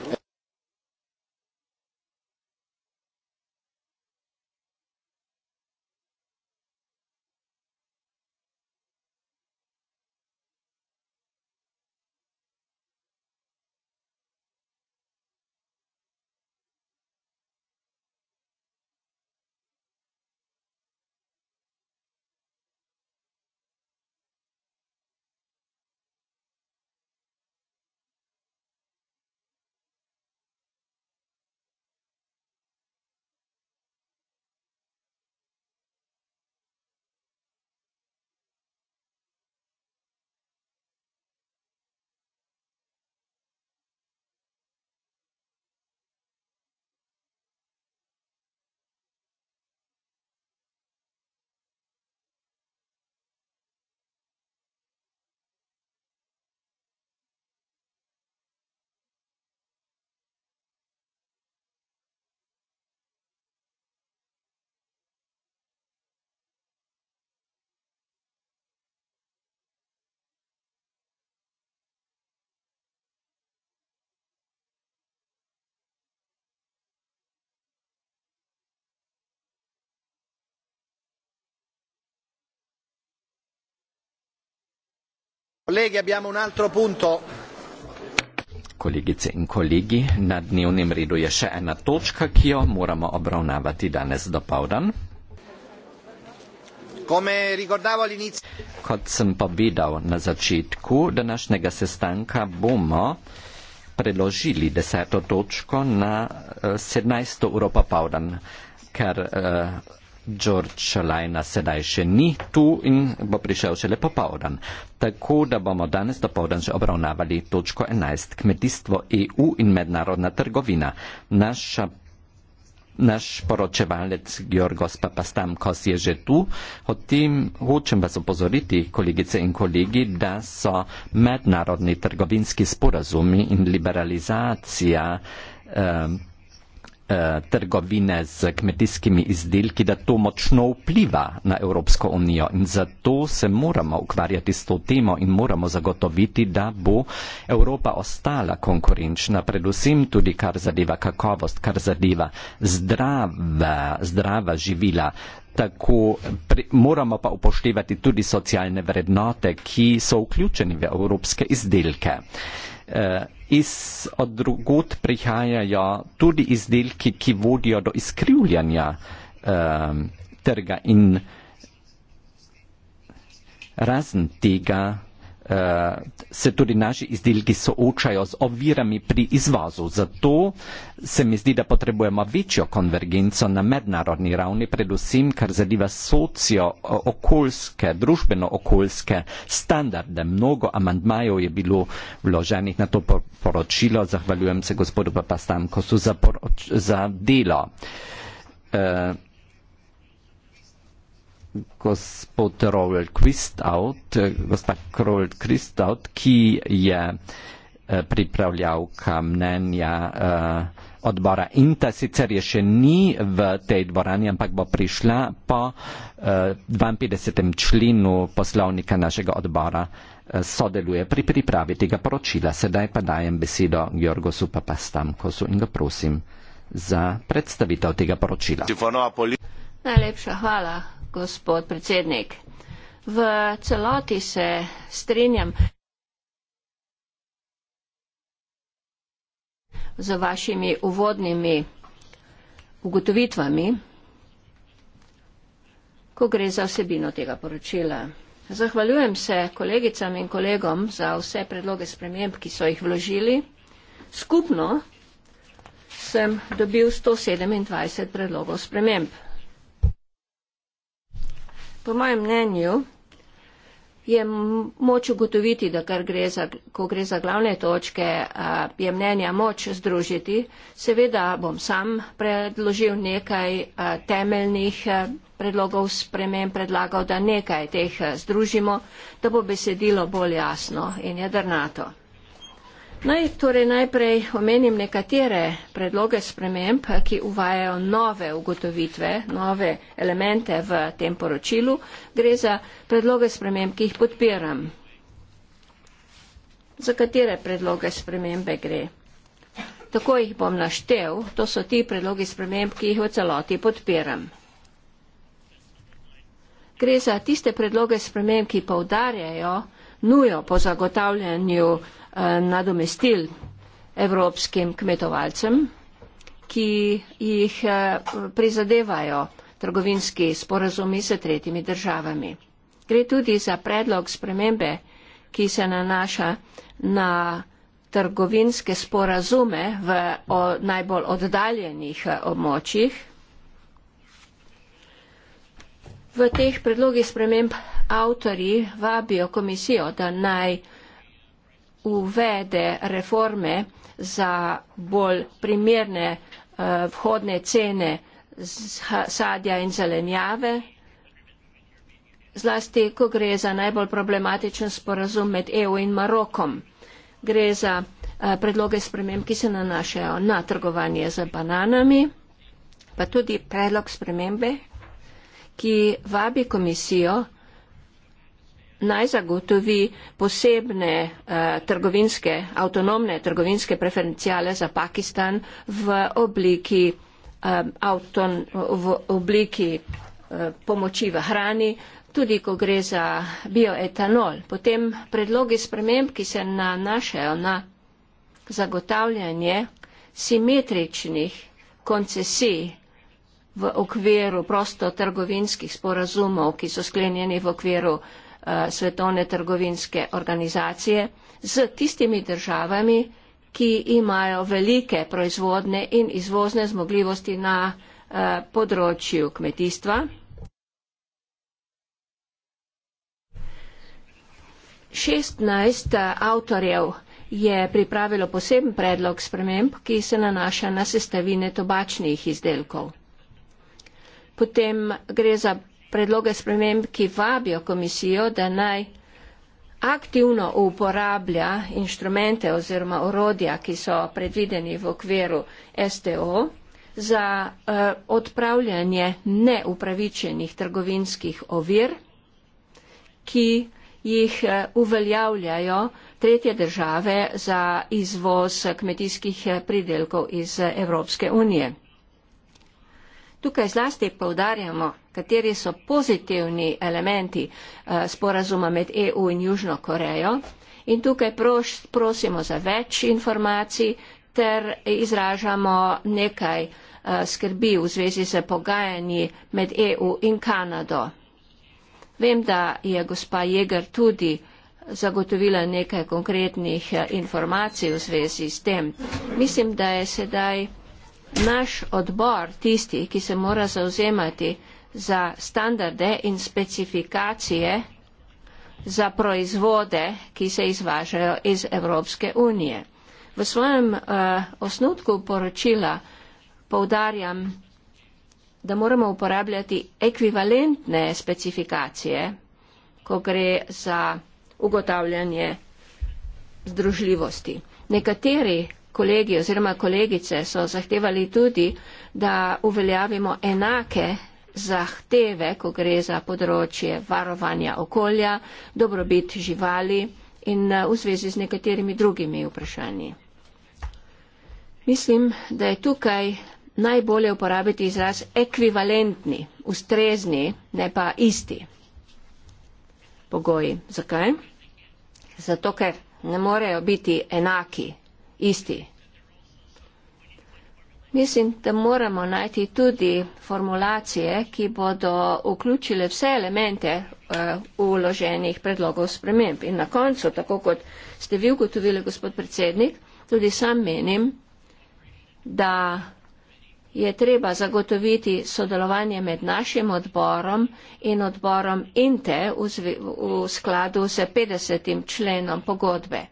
Kolegi, abbiamo un altro punto. Kolegice in kolegi, na dnevnem redu je še ena točka, ki jo moramo obravnavati danes do povdan. Kot sem povedal na začetku današnjega sestanka, bomo preložili deseto točko na eh, sedemnajsto uro popovdan, ker uh, George Lajna sedaj še ni tu in bo prišel šele popovdan. Tako da bomo danes dopovdan še obravnavali točko 11. Kmetijstvo EU in mednarodna trgovina. Naša Naš poročevalec Georgos Papastamkos je že tu. O tem hočem vas opozoriti, kolegice in kolegi, da so mednarodni trgovinski sporazumi in liberalizacija eh, Eh, trgovine z kmetijskimi izdelki, da to močno vpliva na Evropsko unijo in zato se moramo ukvarjati s to temo in moramo zagotoviti, da bo Evropa ostala konkurenčna, predvsem tudi kar zadeva kakovost, kar zadeva zdrava, zdrava živila. Tako pri, moramo pa upoštevati tudi socialne vrednote, ki so vključeni v evropske izdelke. Uh, Eh, iz, od drugot prihajajo tudi izdelki, ki vodijo do izkrivljanja eh, trga in razen tega se tudi naši izdelki soočajo z ovirami pri izvozu. Zato se mi zdi, da potrebujemo večjo konvergenco na mednarodni ravni, predvsem kar zadeva socio-okoljske, družbeno-okoljske standarde. Mnogo amandmajev je bilo vloženih na to poročilo. Zahvaljujem se gospodu Papastankosu za, za delo. Uh, gospod Roel Christaut, eh, gospa Roel Christaut, ki je eh, pripravljavka mnenja uh, odbora INTA, sicer je še ni v tej dvorani, ampak bo prišla po uh, 52. členu poslovnika našega odbora uh, sodeluje pri pripravi tega poročila. Sedaj pa dajem besedo Georgosu Papastamkosu in ga prosim za predstavitev tega poročila. Najlepša hvala gospod predsednik. V celoti se strinjam z vašimi uvodnimi ugotovitvami, ko gre za vsebino tega poročila. Zahvaljujem se kolegicam in kolegom za vse predloge sprememb, ki so jih vložili. Skupno sem dobil 127 predlogov sprememb. Po mojem mnenju je moč ugotoviti, da kar gre za, ko gre za glavne točke, je mnenja moč združiti. Seveda bom sam predložil nekaj temeljnih predlogov spremen, predlagal, da nekaj teh združimo, da bo besedilo bolj jasno in jedrnato. Naj torej najprej omenim nekatere predloge sprememb, ki uvajajo nove ugotovitve, nove elemente v tem poročilu. Gre za predloge sprememb, ki jih podpiram. Za katere predloge spremembe gre? Tako jih bom naštel, to so ti predlogi sprememb, ki jih v celoti podpiram. Gre za tiste predloge sprememb, ki poudarjajo, nujo po zagotavljanju eh, nadomestil evropskim kmetovalcem, ki jih eh, prizadevajo trgovinski sporazumi s tretjimi državami. Gre tudi za predlog spremembe, ki se nanaša na trgovinske sporazume v o, najbolj oddaljenih eh, območjih. V teh predlogih sprememb avtori vabijo komisijo, da naj uvede reforme za bolj primerne eh, vhodne cene sadja in zelenjave, zlasti ko gre za najbolj problematičen sporazum med EU in Marokom. Gre za eh, predloge sprememb, ki se nanašajo na trgovanje z bananami, pa tudi predlog spremembe, ki vabi komisijo naj zagotovi posebne eh, trgovinske, avtonomne trgovinske preferencijale za Pakistan v obliki, eh, avton, v obliki eh, pomoči v hrani, tudi ko gre za bioetanol. Potem predlogi sprememb, ki se nanašajo na zagotavljanje simetričnih koncesij v okviru prostotrgovinskih sporazumov, ki so sklenjeni v okviru Eh, svetovne trgovinske organizacije z tistimi državami, ki imajo velike proizvodne in izvozne zmogljivosti na eh, področju kmetijstva. Šestnajst eh, avtorjev je pripravilo poseben predlog sprememb, ki se nanaša na sestavine tobačnih izdelkov. Potem gre za predloge sprememb, ki vabijo komisijo, da naj aktivno uporablja inštrumente oziroma orodja, ki so predvideni v okviru STO za uh, odpravljanje neupravičenih trgovinskih ovir, ki jih uh, uveljavljajo tretje države za izvoz kmetijskih eh, pridelkov iz Evropske unije. Tukaj zlasti povdarjamo, kateri so pozitivni elementi eh, sporazuma med EU in Južno Korejo. In tukaj proš, prosimo za več informacij ter izražamo nekaj eh, skrbi v zvezi z pogajanji med EU in Kanado. Vem, da je gospa Jeger tudi zagotovila nekaj konkretnih eh, informacij v zvezi s tem. Mislim, da je sedaj naš odbor, tisti, ki se mora zauzemati za standarde in specifikacije za proizvode, ki se izvažajo iz Evropske unije. V svojem uh, osnutku poročila poudarjam, da moramo uporabljati ekvivalentne specifikacije, ko gre za ugotavljanje združljivosti. Nekateri kolegi oziroma kolegice so zahtevali tudi, da uveljavimo enake zahteve, ko gre za področje varovanja okolja, dobrobit živali in eh, v zvezi z nekaterimi drugimi vprašanji. Mislim, da je tukaj najbolje uporabiti izraz ekvivalentni, ustrezni, ne pa isti pogoji. Zakaj? Zato, ker ne morejo biti enaki isti. Mislim, da moramo najti tudi formulacije, ki bodo vključile vse elemente uh, eh, uloženih predlogov sprememb. In na koncu, tako kot ste vi ugotovili, gospod predsednik, tudi sam menim, da je treba zagotoviti sodelovanje med našim odborom in odborom INTE v, v skladu s 50. členom pogodbe.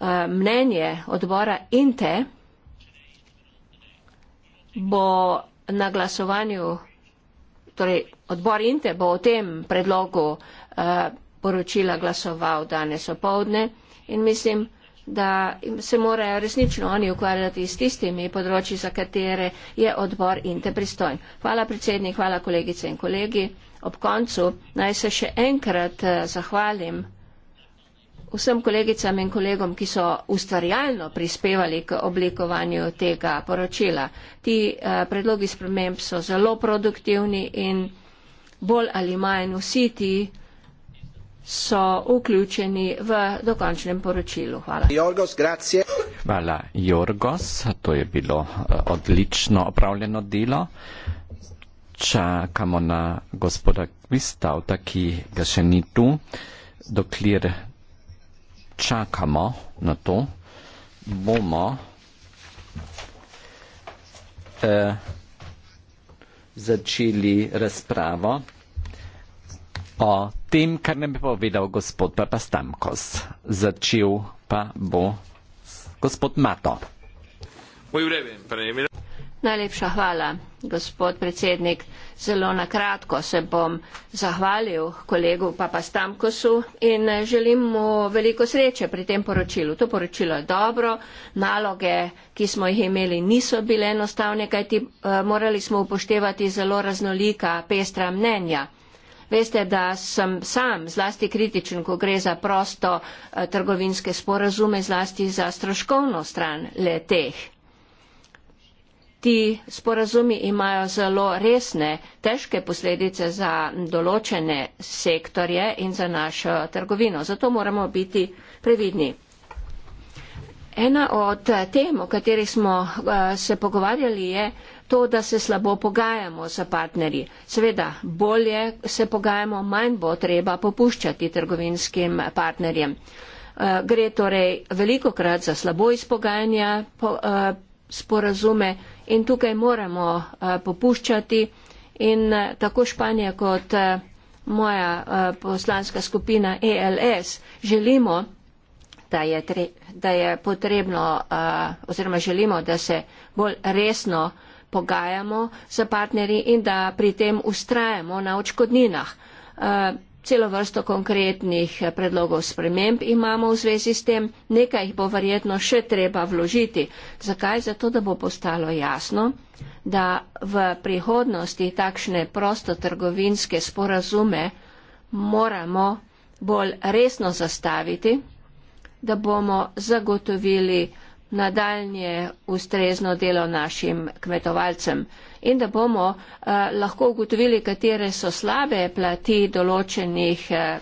Eh, mnenje odbora INTE bo na glasovanju, torej odbor INTE bo o tem predlogu eh, poročila glasoval danes opovdne in mislim, da se morajo resnično oni ukvarjati s tistimi področji, za katere je odbor INTE pristojen. Hvala predsednik, hvala kolegice in kolegi. Ob koncu naj se še enkrat eh, zahvalim vsem kolegicam in kolegom, ki so ustvarjalno prispevali k oblikovanju tega poročila. Ti eh, predlogi sprememb so zelo produktivni in bolj ali manj vsi ti so vključeni v dokončnem poročilu. Hvala. Jorgos, grazie. Hvala, Jorgos. To je bilo eh, odlično opravljeno delo. Čakamo na gospoda Kvistavta, ki ga še ni tu, dokler čakamo na to, bomo eh, začeli razpravo o tem, kar nam je povedal gospod Papa Stamkos. Začel pa bo gospod Mato. Muy breve, para mí. Najlepša hvala, gospod predsednik. Zelo na kratko se bom zahvalil kolegu Papa Stamkosu in želim mu veliko sreče pri tem poročilu. To poročilo je dobro, naloge, ki smo jih imeli, niso bile enostavne, kajti eh, morali smo upoštevati zelo raznolika pestra mnenja. Veste, da sem sam zlasti kritičen, ko gre za prosto eh, trgovinske sporazume, zlasti za stroškovno stran le teh ti sporazumi imajo zelo resne, težke posledice za določene sektorje in za našo trgovino. Zato moramo biti previdni. Ena od tem, o kateri smo eh, se pogovarjali, je to, da se slabo pogajamo z partnerji. Seveda, bolje se pogajamo, manj bo treba popuščati trgovinskim partnerjem. Eh, gre torej veliko krat za slabo izpogajanje eh, sporazume, in tukaj moramo eh, popuščati in eh, tako Španija kot eh, moja poslanska skupina ELS želimo, da je, da je potrebno oziroma želimo, da se bolj resno pogajamo za partnerji in da pri tem ustrajamo na očkodninah celo vrsto konkretnih eh, predlogov sprememb imamo v zvezi s tem, nekaj jih bo verjetno še treba vložiti. Zakaj? Zato, da bo postalo jasno, da v prihodnosti takšne prostotrgovinske sporazume moramo bolj resno zastaviti, da bomo zagotovili nadaljnje ustrezno delo našim kmetovalcem in da bomo eh, lahko ugotovili, katere so slabe plati določenih eh,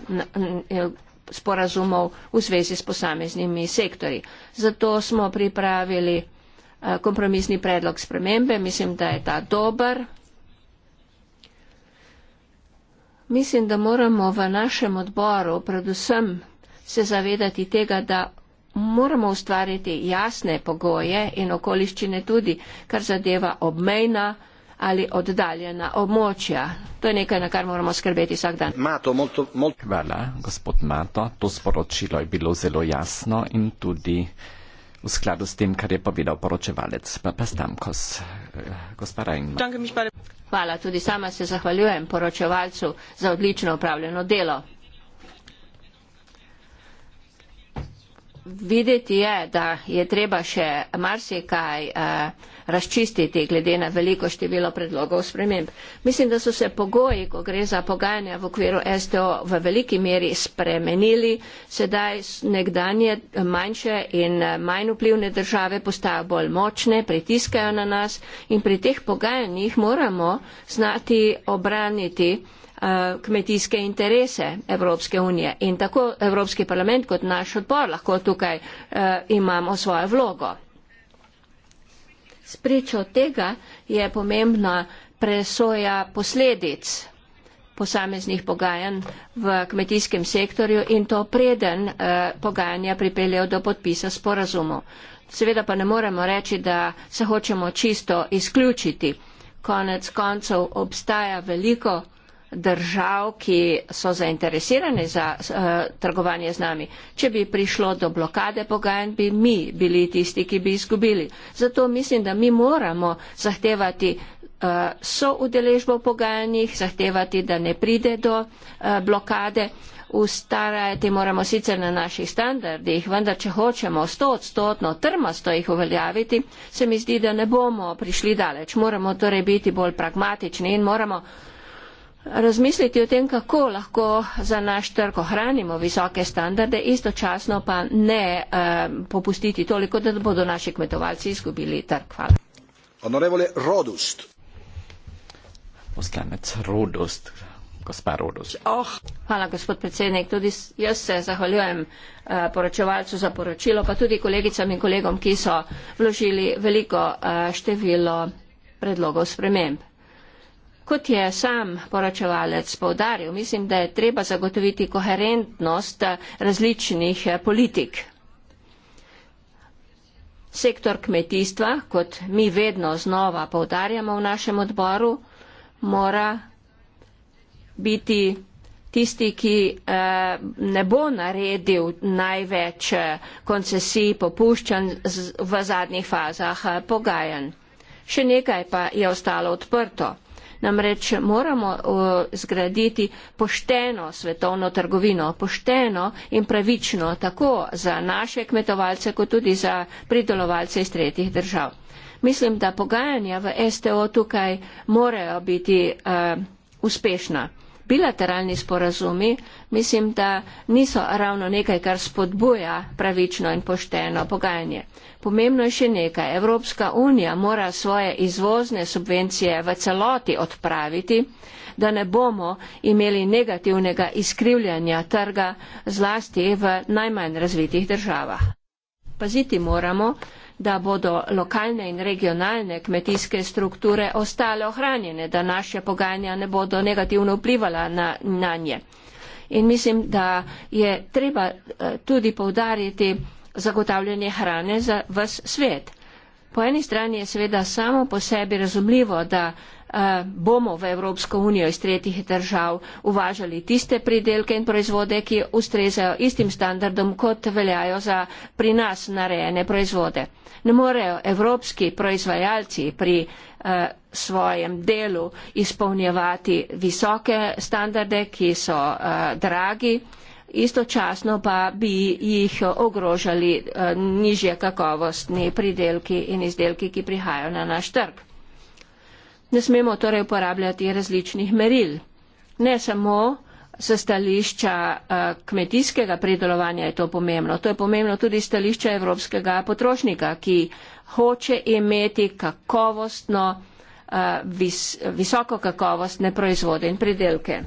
eh sporazumov v zvezi s posameznimi sektori. Zato smo pripravili eh, kompromisni predlog spremembe. Mislim, da je ta dober. Mislim, da moramo v našem odboru predvsem se zavedati tega, da moramo ustvariti jasne pogoje in okoliščine tudi, kar zadeva obmejna ali oddaljena območja. To je nekaj, na kar moramo skrbeti vsak dan. Mato, molto, mol... Hvala, gospod Mato. To sporočilo je bilo zelo jasno in tudi v skladu s tem, kar je povedal poročevalec. Pa, pa Stamkos, eh, gospod Rajnjo. Hvala, tudi sama se zahvaljujem poročevalcu za odlično upravljeno delo. videti je, da je treba še marsikaj uh, razčistiti glede na veliko število predlogov sprememb. Mislim, da so se pogoji, ko gre za pogajanja v okviru STO, v veliki meri spremenili. Sedaj nekdanje manjše in eh, manj vplivne države postajo bolj močne, pritiskajo na nas in pri teh pogajanjih moramo znati obraniti Eh, kmetijske interese Evropske unije. In tako Evropski parlament kot naš odbor lahko tukaj eh, imamo svojo vlogo. Spričo tega je pomembna presoja posledic posameznih pogajanj v kmetijskem sektorju in to preden eh, pogajanja pripeljejo do podpisa sporazumov. Seveda pa ne moremo reči, da se hočemo čisto izključiti. Konec koncev obstaja veliko držav, ki so zainteresirane za uh, trgovanje z nami. Če bi prišlo do blokade pogajanj, bi mi bili tisti, ki bi izgubili. Zato mislim, da mi moramo zahtevati uh, eh, so udeležbo v pogajanjih, zahtevati, da ne pride do uh, blokade. Ustarajati moramo sicer na naših standardih, vendar če hočemo sto odstotno trmasto jih uveljaviti, se mi zdi, da ne bomo prišli daleč. Moramo torej biti bolj pragmatični in moramo razmisliti o tem, kako lahko za naš trg ohranimo visoke standarde, istočasno pa ne uh, popustiti toliko, da bodo naši kmetovalci izgubili trg. Hvala. Honorevole Rodust. Poslanec Rodust. Oh, hvala, gospod predsednik. Tudi jaz se zahvaljujem eh, poročevalcu za poročilo, pa tudi kolegicam in kolegom, ki so vložili veliko eh, število predlogov sprememb. Kot je sam poročevalec povdaril, mislim, da je treba zagotoviti koherentnost različnih politik. Sektor kmetijstva, kot mi vedno znova povdarjamo v našem odboru, mora biti tisti, ki eh, ne bo naredil največ eh, koncesij popuščan v zadnjih fazah eh, pogajanj. Še nekaj pa je ostalo odprto. Namreč moramo zgraditi pošteno svetovno trgovino, pošteno in pravično tako za naše kmetovalce, kot tudi za pridelovalce iz tretjih držav. Mislim, da pogajanja v STO tukaj morajo biti uh, uspešna bilateralni sporazumi, mislim, da niso ravno nekaj, kar spodbuja pravično in pošteno pogajanje. Pomembno je še nekaj. Evropska unija mora svoje izvozne subvencije v celoti odpraviti, da ne bomo imeli negativnega izkrivljanja trga zlasti v najmanj razvitih državah. Paziti moramo, da bodo lokalne in regionalne kmetijske strukture ostale ohranjene, da naše pogajanja ne bodo negativno vplivala na, na nje. In mislim, da je treba eh, tudi povdariti zagotavljanje hrane za vse svet. Po eni strani je seveda samo po sebi razumljivo, da Eh, bomo v Evropsko unijo iz tretjih držav uvažali tiste pridelke in proizvode, ki ustrezajo istim standardom, kot veljajo za pri nas narejene proizvode. Ne morejo evropski proizvajalci pri eh, svojem delu izpolnjevati visoke standarde, ki so eh, dragi, istočasno pa bi jih ogrožali nižje kakovostni pridelki in izdelki, ki prihajajo na naš trg. Ne smemo torej uporabljati različnih meril. Ne samo s stališča eh, kmetijskega pridelovanja je to pomembno, to je pomembno tudi stališča evropskega potrošnika, ki hoče imeti kakovostno, eh, vis, visoko kakovostne proizvode in pridelke.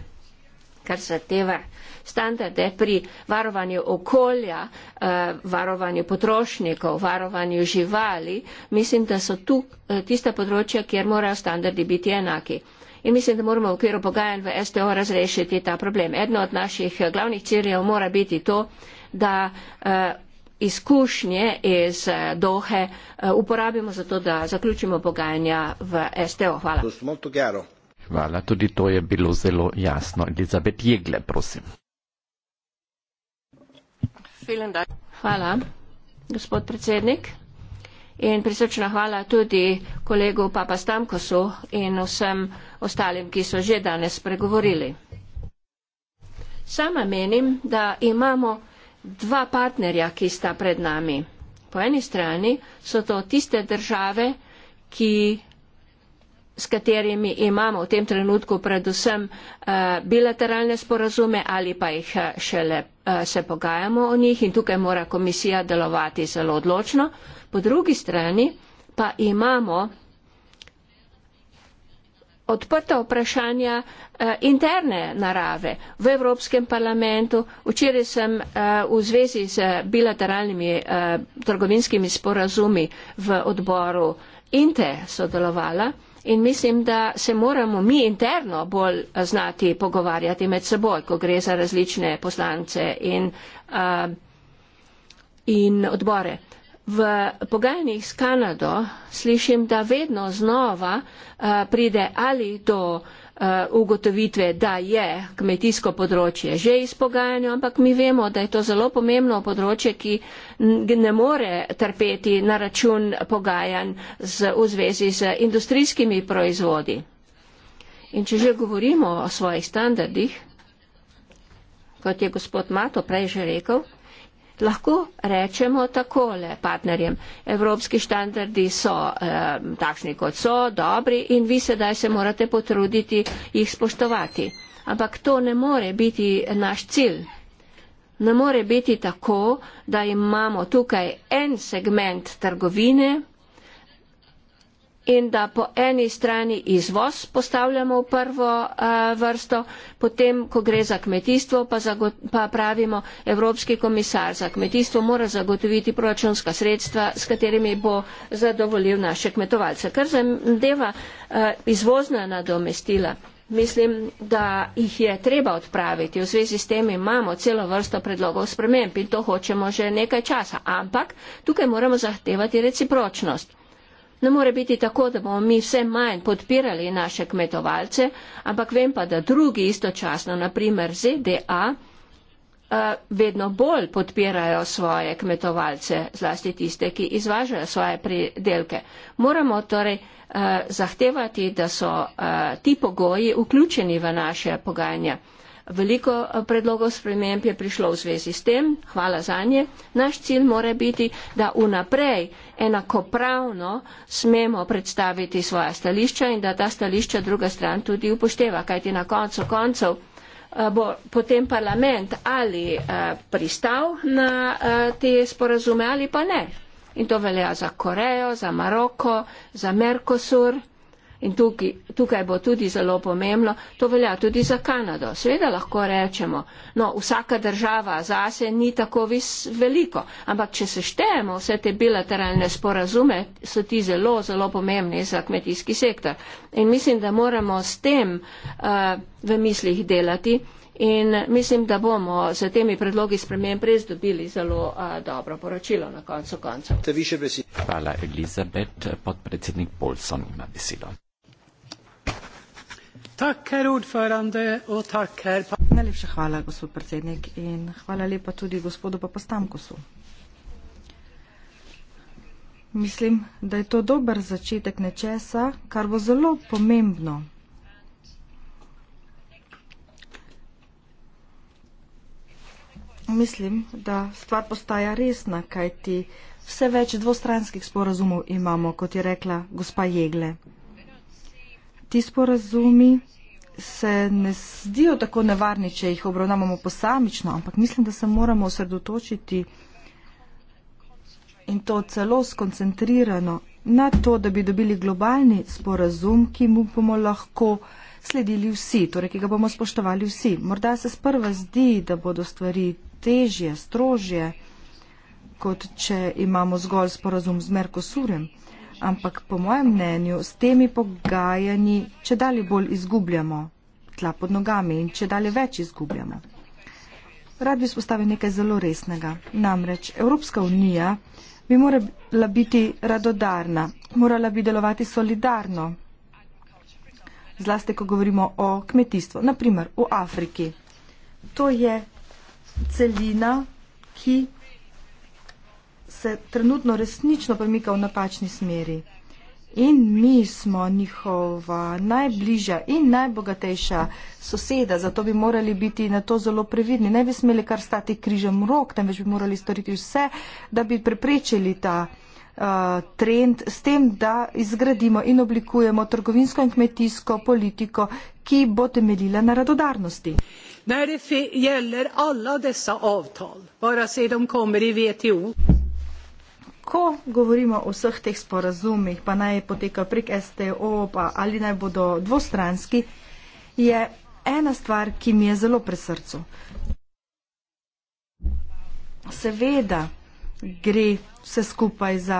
Kar zateva standarde pri varovanju okolja, eh, varovanju potrošnikov, varovanju živali, mislim, da so tu eh, tista področja, kjer morajo standardi biti enaki. In mislim, da moramo v okviru pogajanj v STO razrešiti ta problem. Eno od naših eh, glavnih ciljev mora biti to, da izkušnje iz Dohe uporabimo za to, da zaključimo pogajanja v STO. Hvala. Hvala, tudi to je bilo zelo jasno. Elizabet Jegle, prosim. Hvala, gospod predsednik. In prisrčna hvala tudi kolegu Papa Stamkosu in vsem ostalim, ki so že danes pregovorili. Sama menim, da imamo dva partnerja, ki sta pred nami. Po eni strani so to tiste države, ki s katerimi imamo v tem trenutku predvsem eh, bilateralne sporazume ali pa jih eh, šele eh, se pogajamo o njih in tukaj mora komisija delovati zelo odločno. Po drugi strani pa imamo odprta vprašanja eh, interne narave v Evropskem parlamentu. Včeraj sem eh, v zvezi z bilateralnimi eh, trgovinskimi sporazumi v odboru eh, Inte sodelovala in mislim, da se moramo mi interno bolj znati pogovarjati med seboj, ko gre za različne poslance in, uh, in odbore. V pogajanjih s Kanado slišim, da vedno znova uh, pride ali do uh, Uh, ugotovitve, da je kmetijsko področje že izpogajano, ampak mi vemo, da je to zelo pomembno področje, ki ne more trpeti na račun pogajanj z, v zvezi z industrijskimi proizvodi. In če že govorimo o svojih standardih, kot je gospod Mato prej že rekel, lahko rečemo takole partnerjem. Evropski standardi so eh, takšni, kot so, dobri in vi sedaj se morate potruditi jih spoštovati. Ampak to ne more biti naš cilj. Ne more biti tako, da imamo tukaj en segment trgovine, in da po eni strani izvoz postavljamo v prvo uh, vrsto, potem, ko gre za kmetijstvo, pa, zago, pa pravimo, Evropski komisar za kmetijstvo mora zagotoviti proračunska sredstva, s katerimi bo zadovoljil naše kmetovalce. Kar zadeva uh, izvozna nadomestila, mislim, da jih je treba odpraviti. V zvezi s tem imamo celo vrsto predlogov sprememb in to hočemo že nekaj časa, ampak tukaj moramo zahtevati recipročnost. Ne more biti tako, da bomo mi vse manj podpirali naše kmetovalce, ampak vem pa, da drugi istočasno, naprimer ZDA, eh, vedno bolj podpirajo svoje kmetovalce, zlasti tiste, ki izvažajo svoje pridelke. Moramo torej eh, zahtevati, da so eh, ti pogoji vključeni v naše pogajanja. Veliko eh, predlogov sprememb je prišlo v zvezi s tem, hvala za nje. Naš cilj mora biti, da unaprej enakopravno smemo predstaviti svoja stališča in da ta stališča druga stran tudi upošteva, kajti na koncu koncev eh, bo potem parlament ali eh, pristal na te sporazume ali pa ne. In to velja za Korejo, za Maroko, za Mercosur. In tukaj, tukaj bo tudi zelo pomembno, to velja tudi za Kanado. Sveda lahko rečemo, no, vsaka država zase ni tako vis, veliko, ampak če seštejemo vse te bilateralne sporazume, so ti zelo, zelo pomembni za kmetijski sektor. In mislim, da moramo s tem uh, v mislih delati in mislim, da bomo z temi predlogi sprememb res dobili zelo uh, dobro poročilo na koncu koncev. Hvala, Elizabet. Podpredsednik Polson ima besedo. Najlepša hvala, gospod predsednik, in hvala lepa tudi gospodu Papastamkosu. Mislim, da je to dober začetek nečesa, kar bo zelo pomembno. Mislim, da stvar postaja resna, kajti vse več dvostranskih sporazumov imamo, kot je rekla gospa Jegle ti sporazumi se ne zdijo tako nevarni, če jih obravnavamo posamično, ampak mislim, da se moramo osredotočiti in to celo skoncentrirano na to, da bi dobili globalni sporazum, ki mu bomo lahko sledili vsi, torej ki ga bomo spoštovali vsi. Morda se sprva zdi, da bodo stvari težje, strožje, kot če imamo zgolj sporazum z Merkosurjem ampak po mojem mnenju s temi pogajanji, če dalje bolj izgubljamo tla pod nogami in če dalje več izgubljamo. Rad bi spostavil nekaj zelo resnega. Namreč Evropska unija bi morala biti radodarna, morala bi delovati solidarno. Zlasti, ko govorimo o kmetijstvu. Naprimer, v Afriki. To je celina, ki se trenutno resnično premika v napačni smeri. In mi smo njihova najbližja in najbogatejša soseda, zato bi morali biti na to zelo previdni. Ne bi smeli kar stati križem rok, temveč bi morali storiti vse, da bi preprečili ta uh, trend s tem, da izgradimo in oblikujemo trgovinsko in kmetijsko politiko, ki bo temeljila na radodarnosti. Na ko govorimo o vseh teh sporazumih, pa naj poteka prek STO pa ali naj bodo dvostranski, je ena stvar, ki mi je zelo pri srcu. Seveda gre vse skupaj za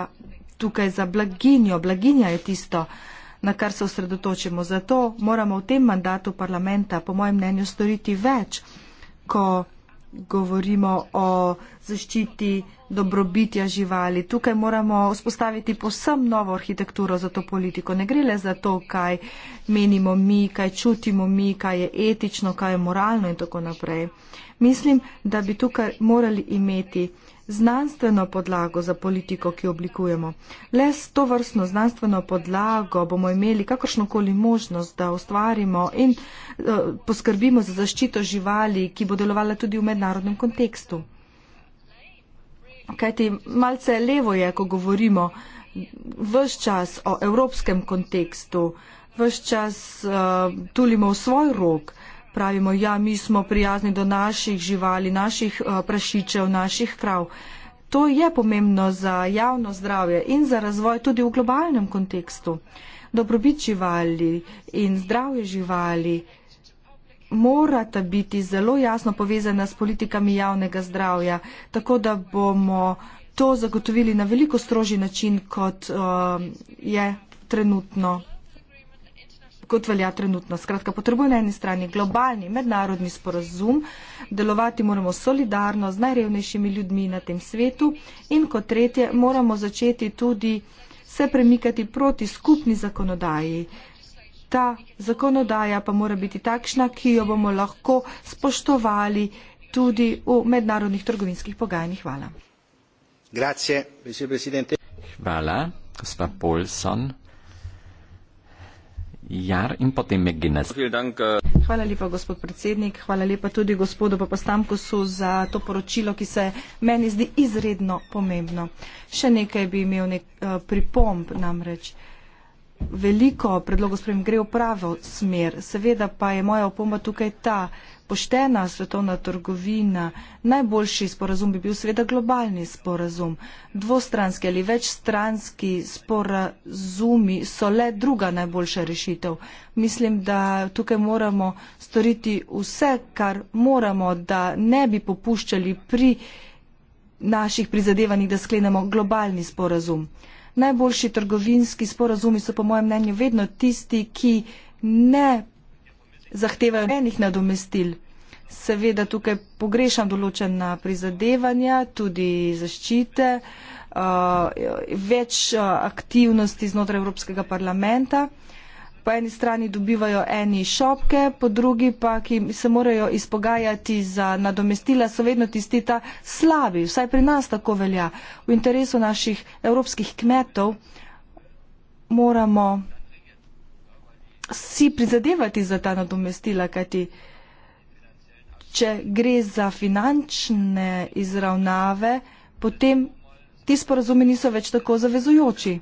tukaj za blaginjo. Blaginja je tisto, na kar se osredotočimo. Zato moramo v tem mandatu parlamenta, po mojem mnenju, storiti več, ko govorimo o zaščiti dobrobitja živali. Tukaj moramo vzpostaviti posem novo arhitekturo za to politiko. Ne gre le za to, kaj menimo mi, kaj čutimo mi, kaj je etično, kaj je moralno in tako naprej. Mislim, da bi tukaj morali imeti znanstveno podlago za politiko, ki jo oblikujemo. Le s to vrstno znanstveno podlago bomo imeli kakršnokoli možnost, da ustvarimo in uh, poskrbimo za zaščito živali, ki bo delovala tudi v mednarodnem kontekstu kajti malce levo je, ko govorimo vse čas o evropskem kontekstu, vse čas uh, tulimo v svoj rok, pravimo, ja, mi smo prijazni do naših živali, naših uh, prašičev, naših krav. To je pomembno za javno zdravje in za razvoj tudi v globalnem kontekstu. Dobrobit živali in zdravje živali morata biti zelo jasno povezana s politikami javnega zdravja, tako da bomo to zagotovili na veliko strožji način, kot uh, je trenutno kot velja trenutno. Skratka, potrebujemo na eni strani globalni mednarodni sporazum, delovati moramo solidarno z najrevnejšimi ljudmi na tem svetu in kot tretje moramo začeti tudi se premikati proti skupni zakonodaji ta zakonodaja pa mora biti takšna, ki jo bomo lahko spoštovali tudi v mednarodnih trgovinskih pogajanjih. Hvala. Hvala, gospa Polson. Jar in potem Meginas. Äh, Hvala lepa, gospod predsednik. Hvala lepa tudi gospodu Papastamkosu za to poročilo, ki se meni zdi izredno pomembno. Še nekaj bi imel nek, uh, pripomb namreč. Uh, veliko predlogov sprem gre v pravo smer. Seveda pa je moja opomba tukaj ta poštena svetovna trgovina. Najboljši sporazum bi bil seveda globalni sporazum. Dvostranski ali večstranski sporazumi so le druga najboljša rešitev. Mislim, da tukaj moramo storiti vse, kar moramo, da ne bi popuščali pri naših prizadevanjih, da sklenemo globalni sporazum najboljši trgovinski sporazumi so po mojem mnenju vedno tisti, ki ne zahtevajo enih nadomestil. Seveda tukaj pogrešam določena prizadevanja, tudi zaščite, uh, več uh, aktivnosti znotraj Evropskega parlamenta po eni strani dobivajo eni šopke, po drugi pa, ki se morajo izpogajati za nadomestila, so vedno tisti ta slabi. Vsaj pri nas tako velja. V interesu naših evropskih kmetov moramo si prizadevati za ta nadomestila, kajti če gre za finančne izravnave, potem ti sporazumi niso več tako zavezujoči.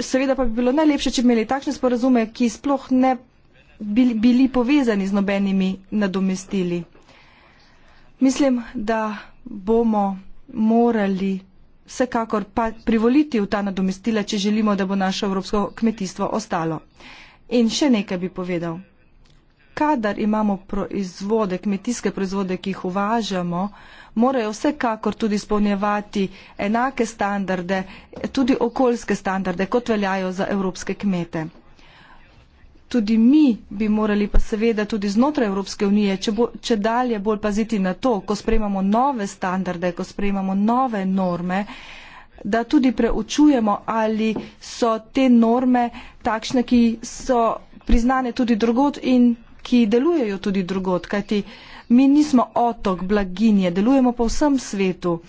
Seveda pa bi bilo najlepše, če bi imeli takšne sporazume, ki sploh ne bi bili povezani z nobenimi nadomestili. Mislim, da bomo morali vsekakor pa privoliti v ta nadomestila, če želimo, da bo naše evropsko kmetijstvo ostalo. In še nekaj bi povedal. Kadar imamo proizvode, kmetijske proizvode, ki jih uvažamo, morajo vsekakor tudi spolnjevati enake standarde, tudi okoljske standarde, kot veljajo za evropske kmete. Tudi mi bi morali pa seveda tudi znotraj Evropske unije, če, bo, če dalje bolj paziti na to, ko sprejemamo nove standarde, ko sprejemamo nove norme, da tudi preučujemo, ali so te norme takšne, ki so priznane tudi drugot in ki delujejo tudi drugot. Kajti uh, Mi nismo otok blaginje, delujemo po vsem svetu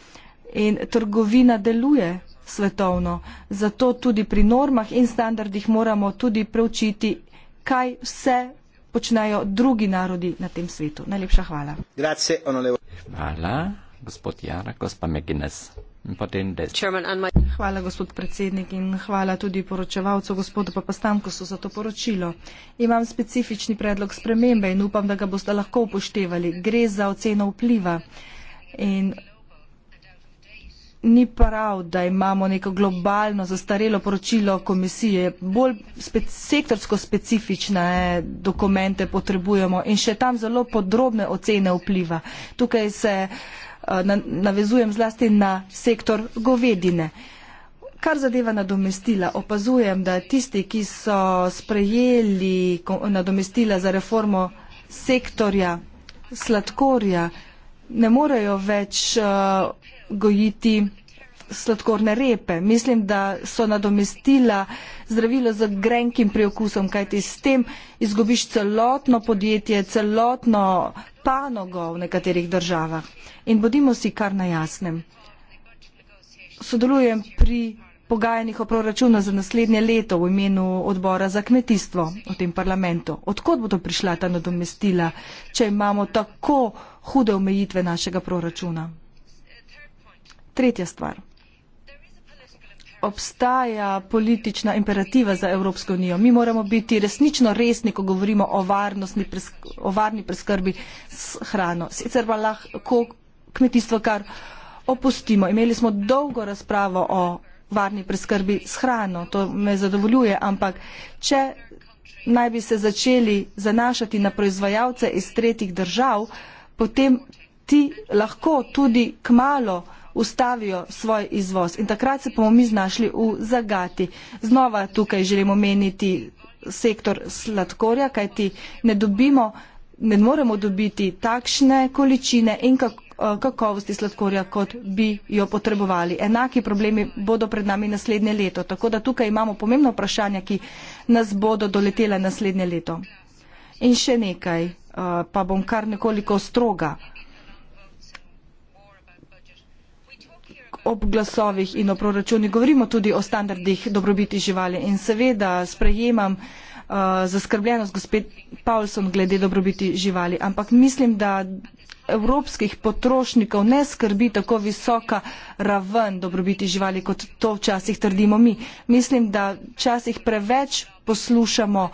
in trgovina deluje svetovno. Zato tudi pri normah in standardih moramo tudi preučiti, kaj vse počnejo drugi narodi na tem svetu. Najlepša hvala. Grazie, hvala, gospod Jarek, gospa Meginez. Hvala, gospod predsednik, in hvala tudi poročevalcu, gospodu Papastankosu, za to poročilo. Imam specifični predlog spremembe in upam, da ga boste lahko upoštevali. Gre za oceno vpliva. In ni prav, da imamo neko globalno zastarelo poročilo komisije. Bolj spec sektorsko specifične dokumente potrebujemo in še tam zelo podrobne ocene vpliva. Tukaj se. Eh, na, navezujem zlasti na sektor govedine. Kar zadeva nadomestila, opazujem, da tisti, ki so sprejeli nadomestila za reformo sektorja sladkorja, ne morejo več uh, gojiti sladkorne repe. Mislim, da so nadomestila zdravilo z grenkim priokusom, kajti s tem izgubiš celotno podjetje, celotno panogo v nekaterih državah. In bodimo si kar na jasnem. Sodelujem pri pogajanjih o proračunu za naslednje leto v imenu odbora za kmetijstvo v tem parlamentu. Odkot bodo prišla ta nadomestila, če imamo tako hude omejitve našega proračuna? Tretja stvar obstaja politična imperativa za Evropsko unijo. Mi moramo biti resnično resni, ko govorimo o, o varni preskrbi s hrano. Sicer pa lahko kmetijstvo kar opustimo. Imeli smo dolgo razpravo o varni preskrbi s hrano. To me zadovoljuje, ampak če naj bi se začeli zanašati na proizvajalce iz tretjih držav, potem ti lahko tudi kmalo ustavijo svoj izvoz. In takrat se bomo mi znašli v zagati. Znova tukaj želimo meniti sektor sladkorja, kajti ne dobimo, ne moremo dobiti takšne količine in kako eh, kakovosti sladkorja, kot bi jo potrebovali. Enaki problemi bodo pred nami naslednje leto, tako da tukaj imamo pomembno vprašanje, ki nas bodo doletela naslednje leto. In še nekaj, eh, pa bom kar nekoliko stroga. ob glasovih in o proračuni govorimo tudi o standardih dobrobiti živali in seveda sprejemam uh, zaskrbljenost gospod Paulson glede dobrobiti živali, ampak mislim, da evropskih potrošnikov ne skrbi tako visoka raven dobrobiti živali, kot to včasih trdimo mi. Mislim, da včasih preveč poslušamo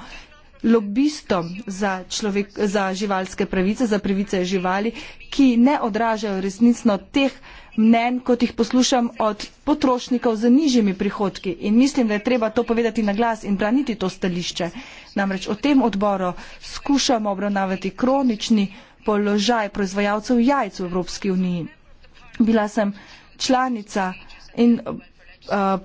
lobistom za, človek, za živalske pravice, za pravice živali, ki ne odražajo resnično teh mnen, kot jih poslušam od potrošnikov z nižjimi prihodki. In mislim, da je treba to povedati na glas in braniti to stališče. Namreč o tem odboru skušamo obravnavati kronični položaj proizvajalcev jajc v Evropski uniji. Bila sem članica in, uh,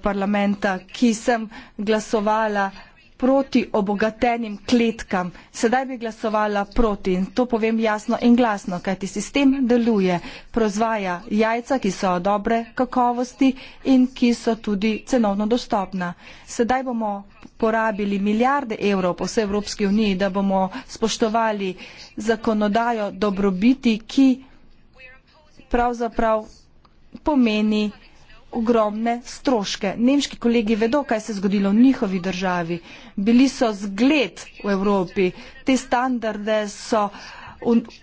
parlamenta, ki sem glasovala uh, proti obogatenim kletkam. Sedaj bi glasovala proti in to povem jasno in glasno, kajti sistem deluje, proizvaja jajca, ki so dobre kakovosti in ki so tudi cenovno dostopna. Sedaj bomo porabili milijarde evrov po vsej Evropski uniji, da bomo spoštovali zakonodajo dobrobiti, ki pravzaprav pomeni ogromne stroške. Nemški kolegi vedo, kaj se je zgodilo v njihovi državi. Bili so zgled v Evropi, te standarde so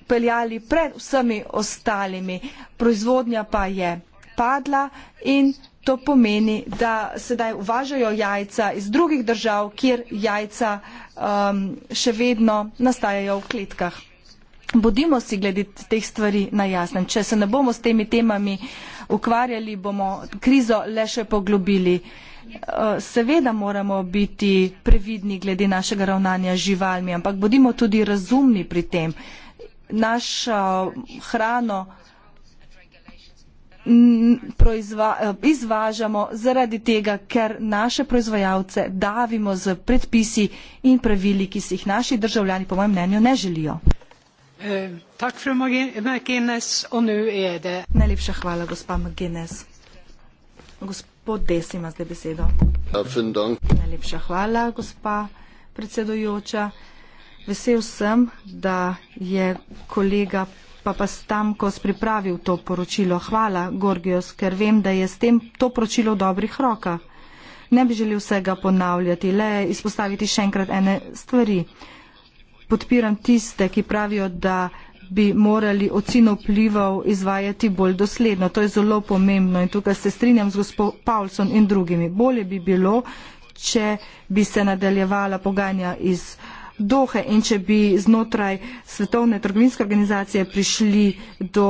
peljali pred vsemi ostalimi, proizvodnja pa je padla in to pomeni, da sedaj uvažajo jajca iz drugih držav, kjer jajca um, še vedno nastajajo v kletkah. Bodimo si glede teh stvari na jasnem. Če se ne bomo s temi temami uh, ukvarjali bomo krizo le še poglobili. Eh, seveda moramo biti previdni glede našega ravnanja z živalmi, ampak bodimo tudi razumni pri tem. Našo eh, hrano eh, izvažamo zaradi tega, ker naše proizvajalce davimo z predpisi in pravili, ki si jih naši državljani, po mojem mnenju, ne želijo. Eh, er Najlepša hvala, gospa McGuinness. Gospod Des ima zdaj besedo. Ja, Najlepša hvala, gospa predsedujoča. Vesel sem, da je kolega Papastamkos pripravil to poročilo. Hvala, Gorgios, ker vem, da je s tem to poročilo v dobrih rokah. Ne bi želel vsega ponavljati, le izpostaviti še enkrat ene stvari podpiram tiste, ki pravijo, da bi morali ocino vplival izvajati bolj dosledno. To je zelo pomembno in tukaj se strinjam z gospod Paulson in drugimi. Bolje bi bilo, če bi se nadaljevala pogajanja iz Dohe in če bi znotraj svetovne trgovinske organizacije prišli do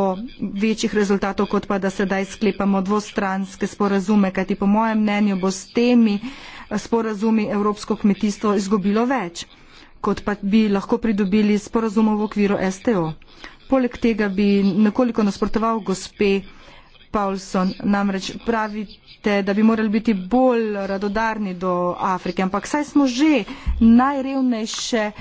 večjih rezultatov, kot pa da sedaj sklepamo dvostranske sporazume, kajti po mojem mnenju bo s temi sporazumi Evropsko kmetijstvo izgubilo več kot pa bi lahko pridobili sporazum v okviru STO. Poleg tega bi nekoliko nasprotoval gospe Paulson, namreč pravite, da bi morali biti bolj radodarni do Afrike, ampak saj smo že najrevnejše eh,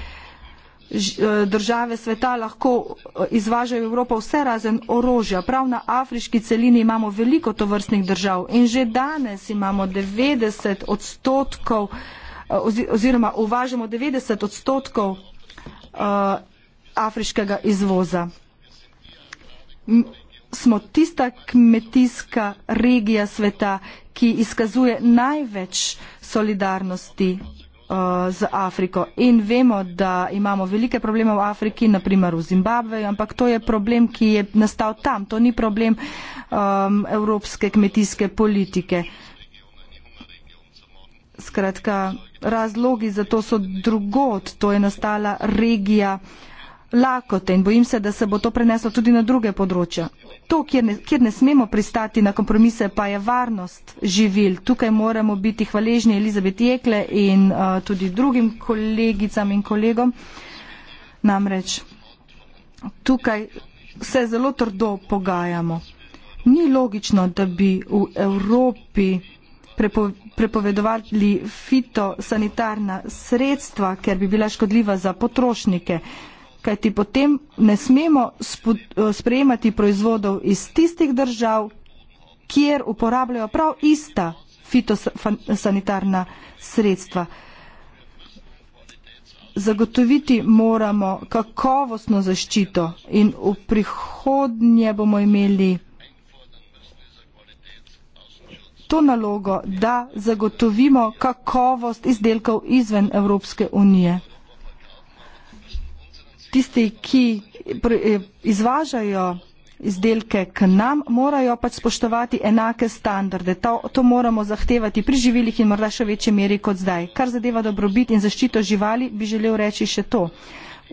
države sveta lahko eh, izvažajo v Evropo vse razen orožja. Prav na afriški celini imamo veliko tovrstnih držav in že danes imamo 90 odstotkov Eh, oziroma uvažamo 90 odstotkov eh, afriškega izvoza. Smo tista kmetijska regija sveta, ki izkazuje največ solidarnosti eh, z Afriko in vemo, da imamo velike probleme v Afriki, naprimer v Zimbabve, ampak to je problem, ki je nastal tam. To ni problem um, evropske kmetijske politike. Skratka, razlogi za to so drugot, to je nastala regija lakote in bojim se, da se bo to preneslo tudi na druge področja. To, kjer ne, kjer ne smemo pristati na kompromise, pa je varnost živil. Tukaj moramo biti hvaležni Elizabeti Jekle in uh, tudi drugim kolegicam in kolegom. Namreč tukaj se zelo trdo pogajamo. Ni logično, da bi v Evropi prepo, prepovedovali fitosanitarna sredstva, ker bi bila škodljiva za potrošnike, kajti potem ne smemo sprejemati proizvodov iz tistih držav, kjer uporabljajo prav ista fitosanitarna sredstva. Zagotoviti moramo kakovostno zaščito in v prihodnje bomo imeli to nalogo, da zagotovimo kakovost izdelkov izven Evropske unije. Tisti, ki eh, izvažajo izdelke k nam, morajo pač spoštovati enake standarde. To, to moramo zahtevati pri živilih in morda še v večji meri kot zdaj. Kar zadeva dobrobit in zaščito živali, bi želel reči še to.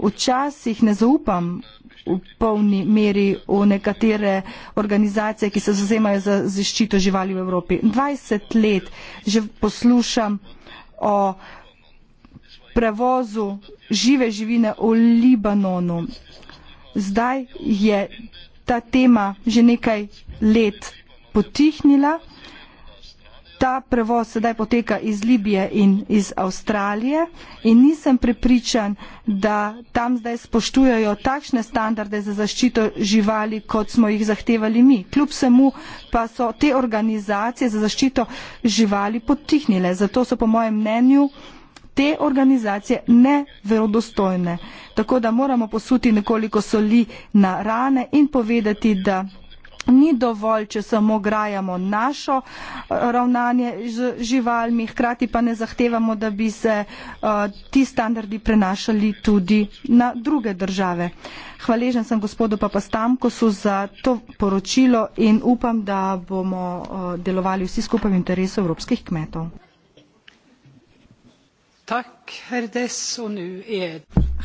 Včasih ne zaupam v polni meri v nekatere organizacije, ki se zazemajo za zaščito živali v Evropi. 20 let že poslušam o prevozu žive živine v Libanonu. Zdaj je ta tema že nekaj let potihnila ta prevoz sedaj poteka iz Libije in iz Avstralije in nisem prepričan, da tam zdaj spoštujejo takšne standarde za zaščito živali, kot smo jih zahtevali mi. Kljub vsemu pa so te organizacije za zaščito živali potihnile. Zato so po mojem mnenju te organizacije neverodostojne. Tako da moramo posuti nekoliko soli na rane in povedati, da Ni dovolj, če samo grajamo našo eh, ravnanje z živalmi, hkrati pa ne zahtevamo, da bi se uh, ti standardi prenašali tudi na druge države. Hvaležen sem gospodu Papastamkosu za to poročilo in upam, da bomo uh, delovali vsi skupaj v interesu evropskih kmetov. Tak, des, er-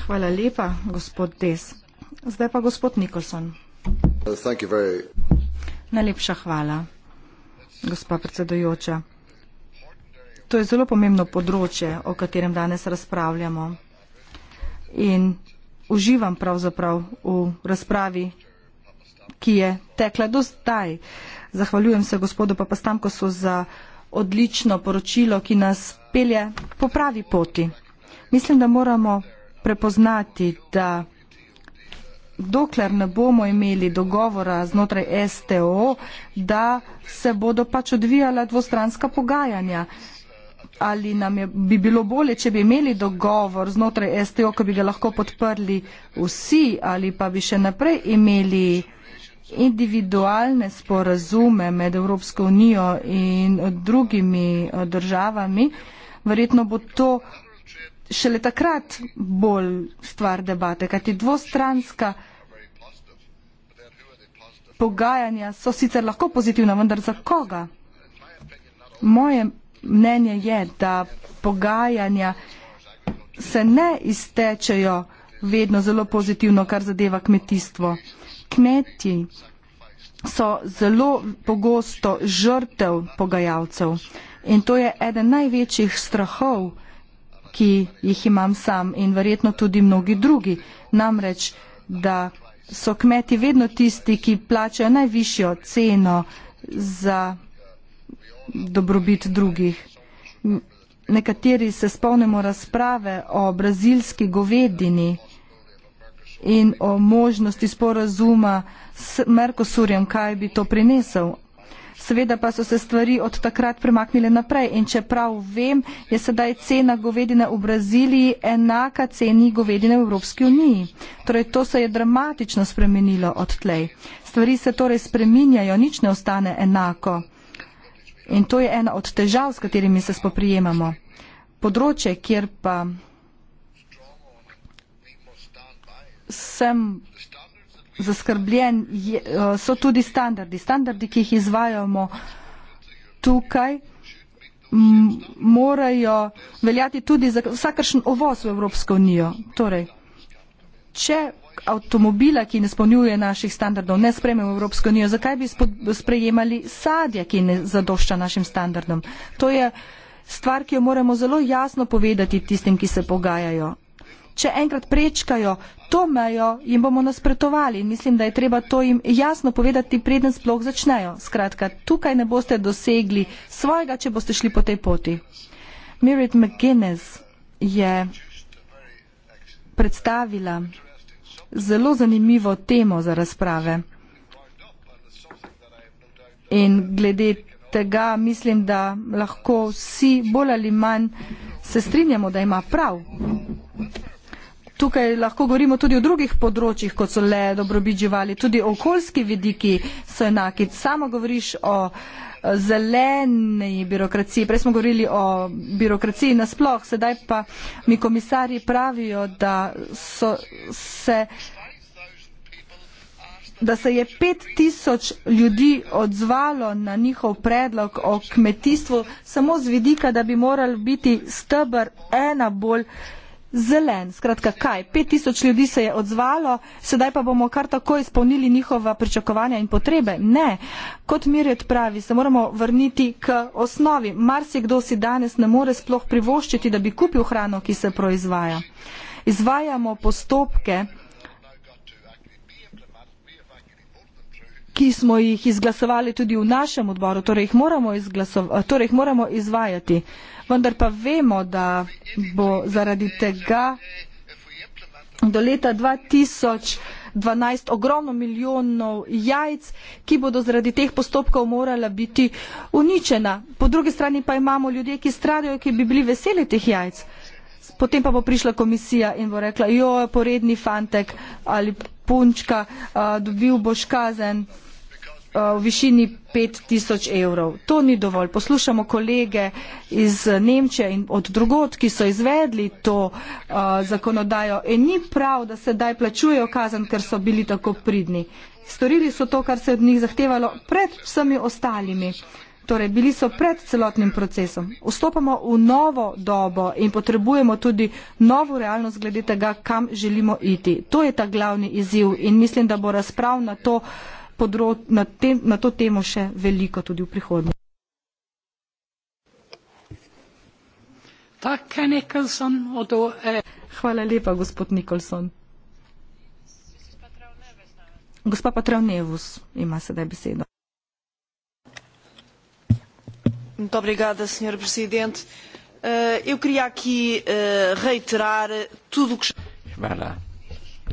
Hvala lepa, gospod Des. Zdaj pa gospod Nikolson. Najlepša hvala, gospa predsedojoča. To je zelo pomembno področje, o katerem danes razpravljamo. In uživam pravzaprav v razpravi, ki je tekla do zdaj. Zahvaljujem se gospodu Papastamkosu za odlično poročilo, ki nas pelje po pravi poti. Mislim, da moramo prepoznati, da dokler ne bomo imeli dogovora znotraj STO, da se bodo pač odvijala dvostranska pogajanja. Ali nam je, bi bilo bolje, če bi imeli dogovor znotraj STO, ki bi ga lahko podprli vsi, ali pa bi še naprej imeli individualne sporazume med Evropsko unijo in drugimi eh, državami. Verjetno bo to šele takrat bolj stvar debate, kajti dvostranska pogajanja so sicer lahko pozitivna, vendar za koga? Moje mnenje je, da pogajanja se ne iztečejo vedno zelo pozitivno, kar zadeva kmetijstvo. Kmetji so zelo pogosto žrtev pogajalcev in to je eden največjih strahov, ki jih imam sam in verjetno tudi mnogi drugi. Namreč, da so kmeti vedno tisti, ki plačajo najvišjo ceno za dobrobit drugih. Nekateri se spomnimo razprave o brazilski govedini in o možnosti sporazuma s Merkosurjem, kaj bi to prinesel. Seveda pa so se stvari od takrat premaknile naprej in čeprav vem, je sedaj cena govedine v Braziliji enaka ceni govedine v Evropski uniji. Torej, to se je dramatično spremenilo od tlej. Stvari se torej spreminjajo, nič ne ostane enako. In to je ena od težav, s katerimi se spoprijemamo. Področje, kjer pa sem zaskrbljen je, eh, so tudi standardi. Standardi, ki jih izvajamo tukaj, morajo veljati tudi za vsakršen ovoz v Evropsko unijo. Torej, če avtomobila, ki ne spolnjuje naših standardov, ne sprejmemo Evropsko unijo, zakaj bi sprejemali sadje, ki ne zadošča našim standardom? To je stvar, ki jo moramo zelo jasno povedati tistim, ki se pogajajo če enkrat prečkajo to mejo, jim bomo nasprotovali. Mislim, da je treba to jim jasno povedati, preden sploh začnejo. Skratka, tukaj ne boste dosegli svojega, če boste šli po tej poti. Merit McGuinness je predstavila zelo zanimivo temo za razprave. In glede tega mislim, da lahko vsi bolj ali manj se strinjamo, da ima prav tukaj lahko govorimo tudi o drugih področjih, kot so le dobrobit živali, tudi okoljski vidiki so enaki. Samo govoriš o eh, zeleni birokraciji, prej smo govorili o birokraciji nasploh, sedaj pa mi komisarji pravijo, da so se da se je pet tisoč ljudi odzvalo na njihov predlog o kmetijstvu samo z vidika, da bi moral biti stebr ena bolj zelen. Skratka, kaj? 5000 ljudi se je odzvalo, sedaj pa bomo kar tako izpolnili njihova pričakovanja in potrebe. Ne. Kot Mirjet pravi, se moramo vrniti k osnovi. Marsikdo si danes ne more sploh privoščiti, da bi kupil hrano, ki se proizvaja. Izvajamo postopke ki smo jih izglasovali tudi v našem odboru, torej jih moramo, torej jih moramo izvajati. Uh, vendar pa vemo, da bo zaradi tega do leta 2012 ogromno milijonov jajc, ki bodo zaradi teh postopkov morala biti uničena. Po drugi strani pa imamo ljudje, ki stradajo, ki bi bili veseli teh jajc. Potem pa bo prišla komisija in bo rekla, jo, poredni fantek ali punčka, dobil boš kazen. Eh, v višini 5000 evrov. To ni dovolj. Poslušamo kolege iz Nemčije in od drugot, ki so izvedli to eh, zakonodajo in ni prav, da se daj plačujejo kazen, ker so bili tako pridni. Storili so to, kar se od njih zahtevalo pred vsemi ostalimi. Torej, bili so pred celotnim procesom. Vstopamo v novo dobo in potrebujemo tudi novo realnost glede tega, kam želimo iti. To je ta glavni izziv in mislim, da bo razprav na to uh, podro, na, te, na to temo še veliko tudi v prihodnje. Eh, Hvala lepa, gospod Nikolson. Gospa Patravnevus ima sedaj besedo. Obrigada, senhor presidente. Uh, eu queria aqui uh, reiterar tudo o que. Hvala,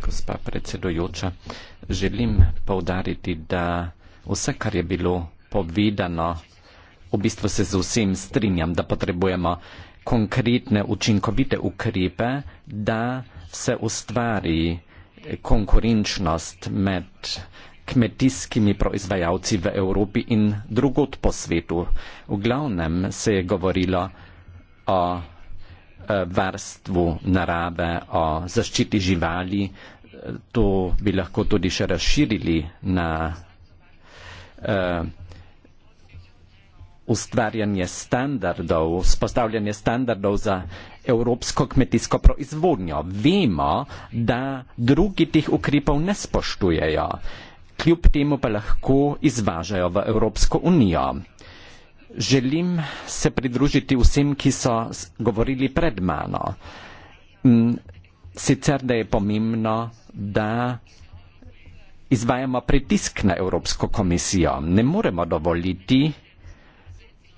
gospa predsedujoča. Uh, želim povdariti, da vse, kar je bilo povedano, v bistvu se z vsem strinjam, da potrebujemo konkretne, učinkovite ukrepe, da se ustvari konkurenčnost med kmetijskimi proizvajalci v Evropi in drugot po svetu. V glavnem se je govorilo o eh, varstvu narave, o zaščiti živali, to bi lahko tudi še razširili na eh, ustvarjanje standardov, spostavljanje standardov za evropsko kmetijsko proizvodnjo. Vemo, da drugi tih ukrepov ne spoštujejo, kljub temu pa lahko izvažajo v Evropsko unijo. Želim se pridružiti vsem, ki so govorili pred mano sicer da je pomembno, da izvajamo pritisk na Evropsko komisijo. Ne moremo dovoliti,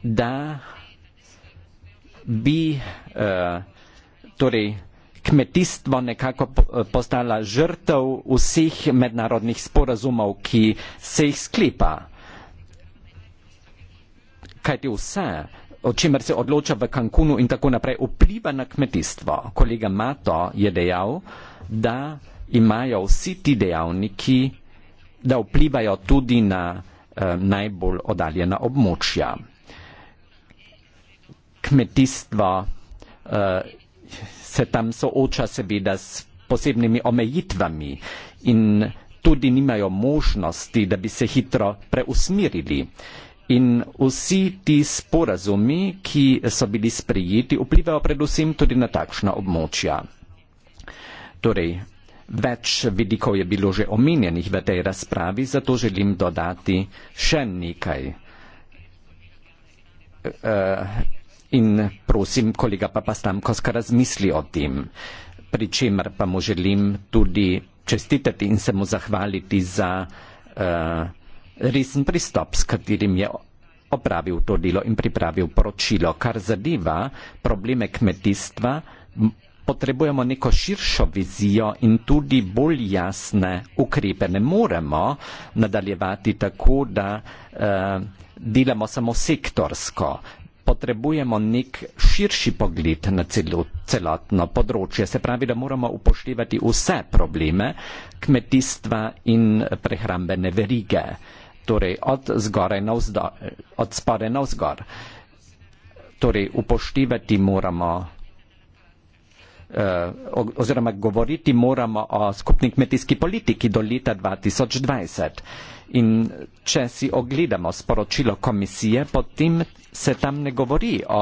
da bi eh, torej kmetijstvo nekako eh, postala žrtev vseh mednarodnih sporazumov, ki se jih sklepa. Kajti vse o čemer se odloča v Cancunu in tako naprej, vpliva na kmetijstvo. Kolega Mato je dejal, da imajo vsi ti dejavniki, da vplivajo tudi na eh, najbolj oddaljena območja. Kmetijstvo eh, se tam sooča seveda s posebnimi omejitvami in tudi nimajo možnosti, da bi se hitro preusmirili. In vsi ti sporazumi, ki so bili sprejeti, vplivajo predvsem tudi na takšna območja. Torej, več vidikov je bilo že omenjenih v tej razpravi, zato želim dodati še nekaj. E, in prosim, kolega Papastamkoska razmisli o tem, pri čemer pa mu želim tudi čestitati in se mu zahvaliti za. E, resen pristop, s katerim je opravil to delo in pripravil poročilo. Kar zadeva probleme kmetijstva, potrebujemo neko širšo vizijo in tudi bolj jasne ukrepe. Ne moremo nadaljevati tako, da uh, delamo samo sektorsko. Potrebujemo nek širši pogled na celo, celotno področje, se pravi, da moramo upoštevati vse probleme kmetijstva in prehrambene verige. Uh, torej od zgoraj na vzdolj, od spore na vzgor. Torej upoštevati moramo eh, oziroma govoriti moramo o skupni kmetijski politiki do leta 2020. In če si ogledamo sporočilo komisije, potem se tam ne govori o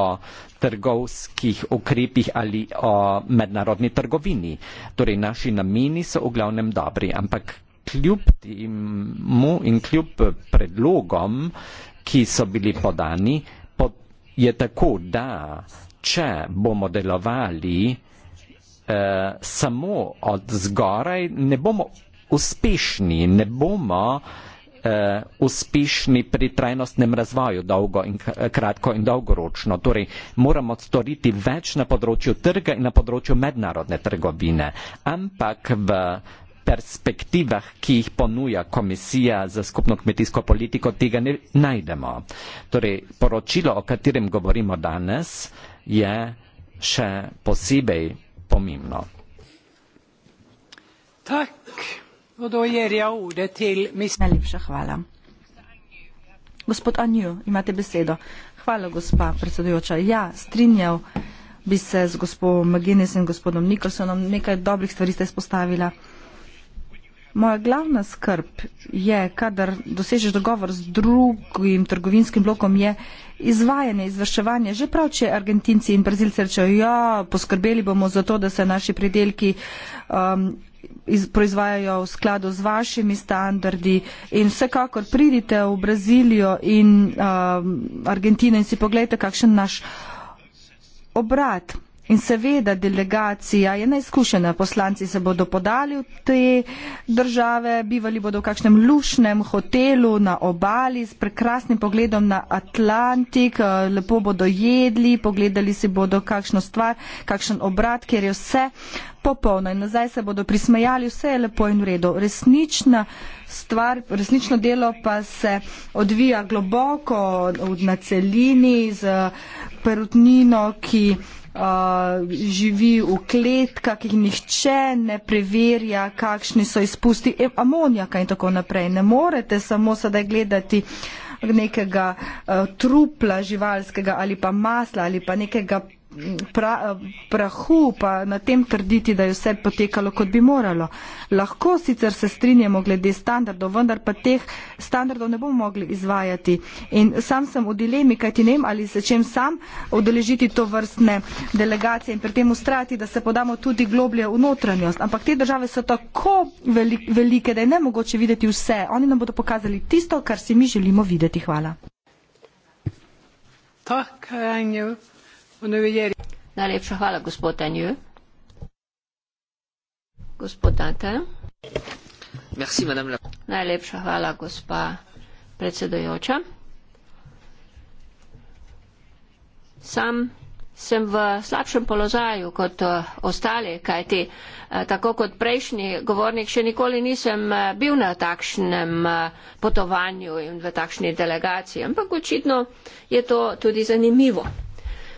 trgovskih ukrepih ali o mednarodni trgovini. Torej naši nameni so v glavnem dobri, ampak kljub temu in kljub predlogom, ki so bili podani, je tako, da če bomo delovali eh, samo od zgoraj, ne bomo uspešni, ne bomo eh, uspešni pri trajnostnem razvoju dolgo in kratko in dolgoročno. Torej, moramo storiti več na področju trga in na področju mednarodne trgovine. Ampak v perspektivah, ki jih ponuja Komisija za skupno kmetijsko politiko, tega ne najdemo. Torej, poročilo, o katerem govorimo danes, je še posebej pomembno. Najlepša hvala. Gospod Anju, imate besedo. Hvala, gospa predsedujoča. Ja, strinjal bi se z gospodom McGinnis in gospodom Nicholsonom. Nekaj dobrih stvari ste izpostavila. Moja glavna skrb je, kadar dosežeš dogovor z drugim trgovinskim blokom, je izvajanje, izvrševanje. Že prav, če Argentinci in Brazilci rečejo, ja, poskrbeli bomo za to, da se naši predelki um, iz, proizvajajo v skladu z vašimi standardi in vsekakor pridite v Brazilijo in um, Argentino in si pogledajte, kakšen naš obrat. In seveda delegacija je neizkušena, poslanci se bodo podali v te države, bivali bodo v kakšnem lušnem hotelu na obali s prekrasnim pogledom na Atlantik, eh, lepo bodo jedli, pogledali si bodo kakšno stvar, kakšen obrat, kjer je vse popolno in nazaj se bodo prismejali, vse je lepo in v redu. Resnična stvar, resnično delo pa se odvija globoko na celini z perutnino, ki Uh, živi v kletkah, ki jih nihče ne preverja, kakšni so izpusti e, amonijaka in tako naprej. Ne morete samo sedaj gledati nekega uh, trupla živalskega ali pa masla ali pa nekega pra, prahu, pa na tem trditi, da je vse potekalo, kot bi moralo. Lahko sicer se strinjamo glede standardov, vendar pa teh standardov ne bomo mogli izvajati. In sam sem v dilemi, kaj ti ne vem, ali se čem sam odeležiti to vrstne delegacije in pri tem ustrati, da se podamo tudi globlje v notranjost. Ampak te države so tako velike, da je nemogoče videti vse. Oni nam bodo pokazali tisto, kar si mi želimo videti. Hvala. Tak, Anjo. Najlepša hvala, gospod Tanju. Gospod Dante. Merci, madame la... Najlepša hvala, gospa predsedojoča. Sam sem v slabšem položaju kot eh, ostali, kajti eh, tako kot prejšnji govornik še nikoli nisem eh, bil na takšnem potovanju in v takšni delegaciji, ampak očitno je to tudi zanimivo.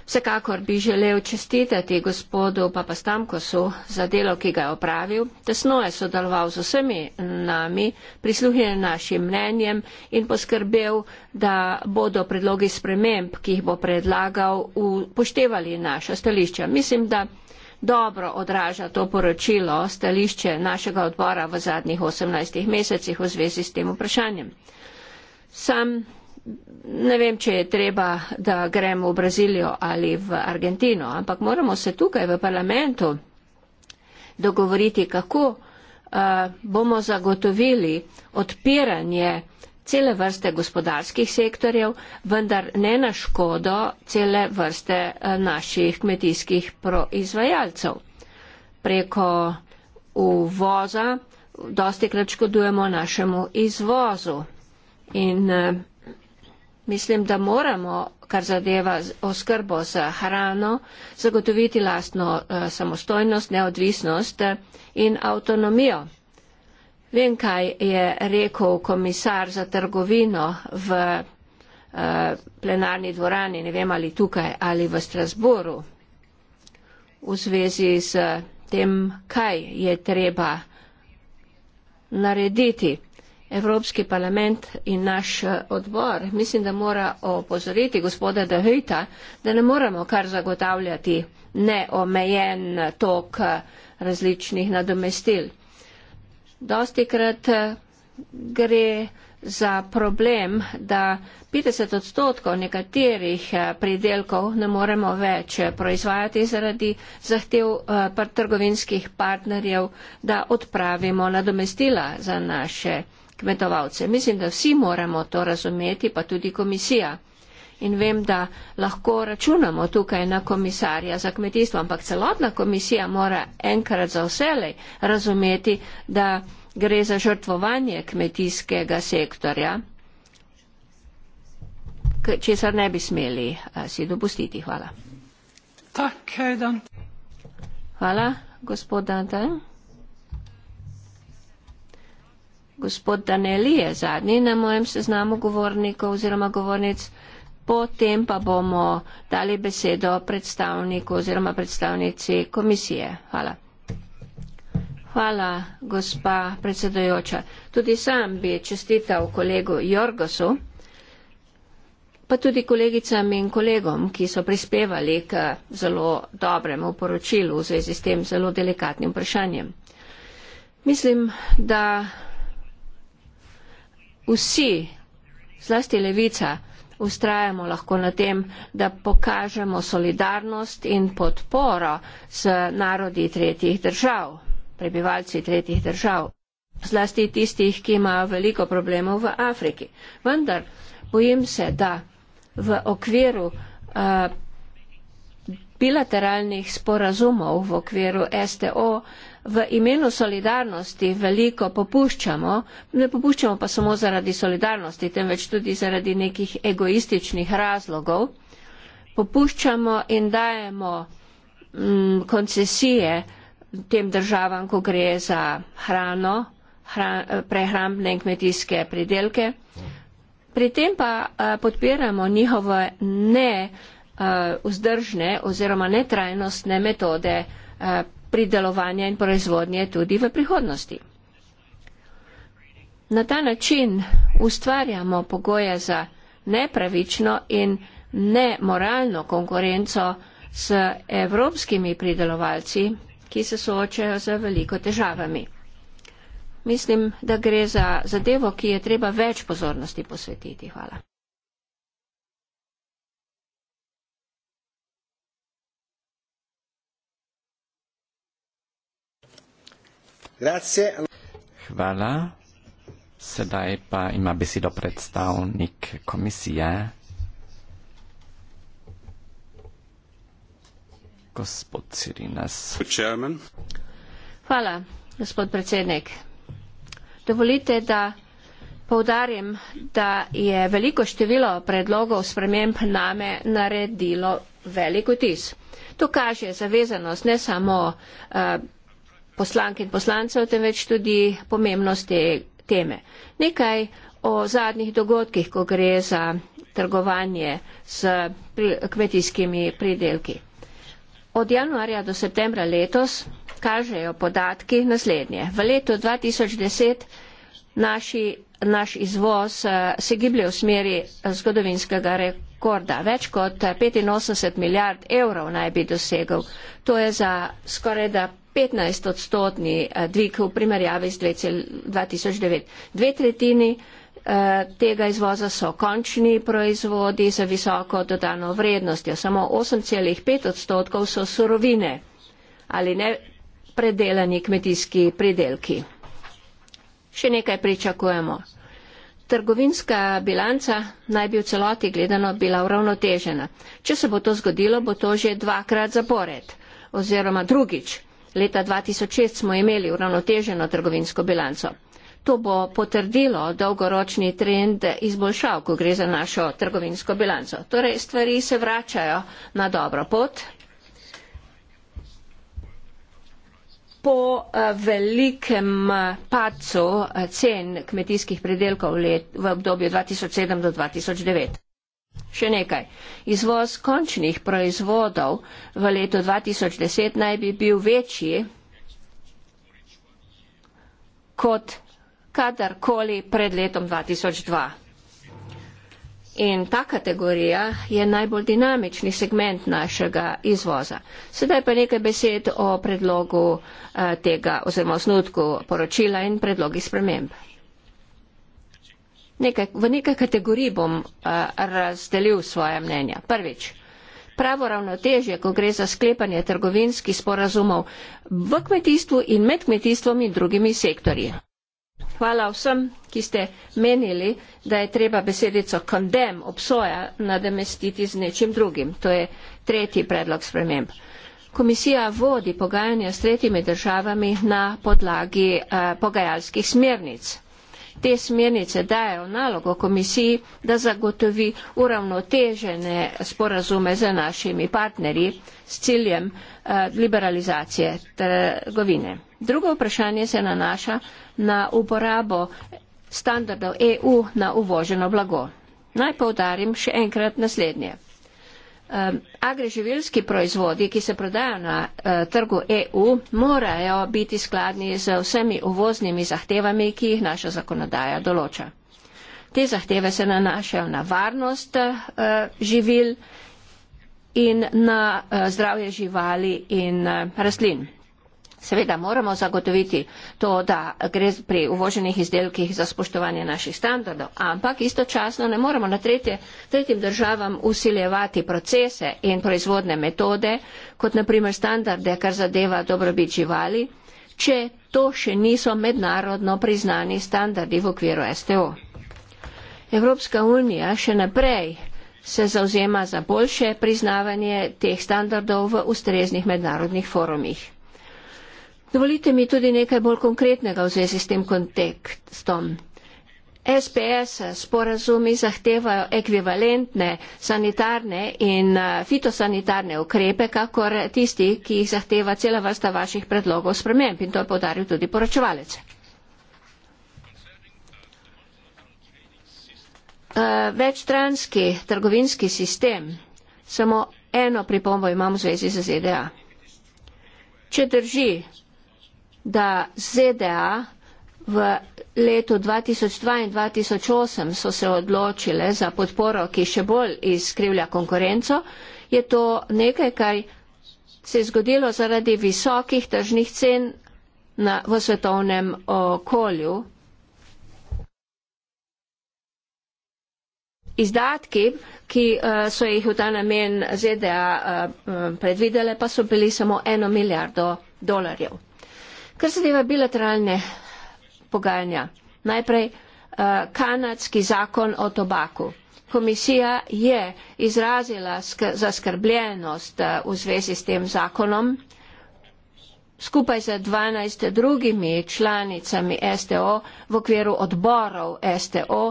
Vsekakor bi želel čestitati gospodu Papastamkosu za delo, ki ga je opravil. Tesno je sodeloval z vsemi nami, prisluhnil našim mnenjem in poskrbel, da bodo predlogi sprememb, ki jih bo predlagal, upoštevali naša stališča. Mislim, da dobro odraža to poročilo stališče našega odbora v zadnjih 18 mesecih v zvezi s tem vprašanjem. Sam ne vem, če je treba, da gremo v Brazilijo ali v Argentino, ampak moramo se tukaj v parlamentu dogovoriti, kako uh, bomo zagotovili odpiranje cele vrste gospodarskih sektorjev, vendar ne na škodo cele vrste eh, naših kmetijskih proizvajalcev. Preko uvoza dosti krat škodujemo našemu izvozu. In, uh, Mislim, da moramo, kar zadeva oskrbo z hrano, zagotoviti lastno uh, samostojnost, neodvisnost eh, in avtonomijo. Vem, kaj je rekel komisar za trgovino v uh, plenarni dvorani, ne vem ali tukaj ali v Strasburu, v zvezi z tem, kaj je treba narediti. Evropski parlament in naš eh, odbor, mislim, da mora opozoriti gospoda Dehita, da ne moremo kar zagotavljati neomejen tok eh, različnih nadomestil. Dostikrat eh, gre za problem, da 50 odstotkov nekaterih pridelkov ne moremo več proizvajati zaradi zahtev trgovinskih partnerjev, da odpravimo nadomestila za naše pridelke kmetovalce. Mislim, da vsi moramo to razumeti, pa tudi komisija. In vem, da lahko računamo tukaj na komisarja za kmetijstvo, ampak celotna komisija mora enkrat za vselej razumeti, da gre za žrtvovanje kmetijskega sektorja, česar ne bi smeli si dopustiti. Hvala. Hvala, gospod Dante gospod Daneli je zadnji na mojem seznamu govornikov oziroma govornic. Potem pa bomo dali besedo predstavniku oziroma predstavnici komisije. Hvala. Hvala, gospa predsedojoča. Tudi sam bi čestital kolegu Jorgosu, pa tudi kolegicam in kolegom, ki so prispevali k zelo dobremu poročilu v zvezi s tem zelo delikatnim vprašanjem. Mislim, da vsi, zlasti levica, ustrajamo lahko na tem, da pokažemo solidarnost in podporo z narodi tretjih držav, prebivalci tretjih držav, zlasti tistih, ki imajo veliko problemov v Afriki. Vendar bojim se, da v okviru uh, bilateralnih sporazumov v okviru STO uh, v imenu solidarnosti veliko popuščamo, ne popuščamo pa samo zaradi solidarnosti, temveč tudi zaradi nekih egoističnih razlogov, popuščamo in dajemo mm, koncesije tem državam, ko gre za hrano, hran, prehrambne in kmetijske pridelke. Pri tem pa a, eh, podpiramo njihove nevzdržne eh, oziroma netrajnostne metode a, eh, pridelovanja in proizvodnje tudi v prihodnosti. Na ta način ustvarjamo pogoje za nepravično in nemoralno konkurenco s evropskimi pridelovalci, ki se soočajo z veliko težavami. Mislim, da gre za zadevo, ki je treba več pozornosti posvetiti. Hvala. Hvala. Sedaj pa ima besedo predstavnik komisije. Gospod Sirinas. Hvala, gospod predsednik. Dovolite, da povdarim, da je veliko število predlogov sprememb name naredilo veliko tis. To kaže zavezanost ne samo. Uh, poslank in poslancev, temveč tudi pomembnost te teme. Nekaj o zadnjih dogodkih, ko gre za trgovanje s kmetijskimi pridelki. Od januarja do septembra letos kažejo podatki naslednje. V letu 2010 naši, naš izvoz eh, se giblje v smeri eh, zgodovinskega rekorda. Več kot 85 milijard evrov naj bi dosegel. To je za skoraj da 15 odstotni eh, dvig v primerjavi z 2009. Dve tretjini eh, tega izvoza so končni proizvodi za visoko dodano vrednostjo. Samo 8,5 odstotkov so surovine ali ne predelani kmetijski pridelki. Še nekaj pričakujemo. Trgovinska bilanca naj bi v celoti gledano bila uravnotežena. Če se bo to zgodilo, bo to že dvakrat zapored oziroma drugič leta 2006 smo imeli uravnoteženo trgovinsko bilanco. To bo potrdilo dolgoročni trend izboljšav, ko gre za našo trgovinsko bilanco. Torej, stvari se vračajo na dobro pot. Po eh, velikem eh, padcu eh, cen kmetijskih predelkov let, v obdobju 2007 do 2009. Še nekaj. Izvoz končnih proizvodov v letu 2010 naj bi bil večji kot kadarkoli pred letom 2002. In ta kategorija je najbolj dinamični segment našega izvoza. Sedaj pa nekaj besed o predlogu eh, tega oziroma osnutku poročila in predlogi sprememb nekaj, v nekaj kategorij bom uh, razdelil svoje mnenja. Prvič, pravo ravnotežje, ko gre za sklepanje trgovinskih sporazumov v kmetijstvu in med kmetijstvom in drugimi sektorji. Hvala vsem, ki ste menili, da je treba besedico condemn obsoja nadomestiti z nečim drugim. To je tretji predlog sprememb. Komisija vodi pogajanja s tretjimi državami na podlagi eh, pogajalskih smernic. Te smernice dajo nalogo komisiji, da zagotovi uravnotežene sporazume z našimi partnerji s ciljem eh, liberalizacije trgovine. Drugo vprašanje se nanaša na uporabo standardov EU na uvoženo blago. Naj povdarim še enkrat naslednje. Agriživilski proizvodi, ki se prodajo na uh, trgu EU, morajo biti skladni z vsemi uvoznimi zahtevami, ki jih naša zakonodaja določa. Te zahteve se nanašajo na varnost uh, živil in na uh, zdravje živali in uh, rastlin. Seveda moramo zagotoviti to, da gre pri uvoženih izdelkih za spoštovanje naših standardov, ampak istočasno ne moramo na tretje, tretjim državam usiljevati procese in proizvodne metode, kot naprimer standarde, kar zadeva dobrobit živali, če to še niso mednarodno priznani standardi v okviru STO. Evropska unija še naprej se zauzema za boljše priznavanje teh standardov v ustreznih mednarodnih forumih. Dovolite mi tudi nekaj bolj konkretnega v zvezi s tem kontekstom. SPS eh, sporazumi zahtevajo ekvivalentne sanitarne in eh, fitosanitarne ukrepe, kakor tisti, ki jih zahteva cela vrsta vaših predlogov sprememb in to je podaril tudi poročevalec. Eh, večstranski trgovinski sistem, samo eno pripombo imam v zvezi z ZDA. Če drži, da ZDA v letu 2002 in 2008 so se odločile za podporo, ki še bolj izkrivlja konkurenco, je to nekaj, kar se je zgodilo zaradi visokih tržnih cen na, v svetovnem okolju. Izdatki, ki uh, so jih v ta namen ZDA uh, eh, eh, predvidele, pa so bili samo eno milijardo dolarjev. Kar zadeva bilateralne pogajanja. Najprej uh, kanadski zakon o tobaku. Komisija je izrazila sk zaskrbljenost uh, v zvezi s tem zakonom. Skupaj z 12 drugimi članicami STO v okviru odborov STO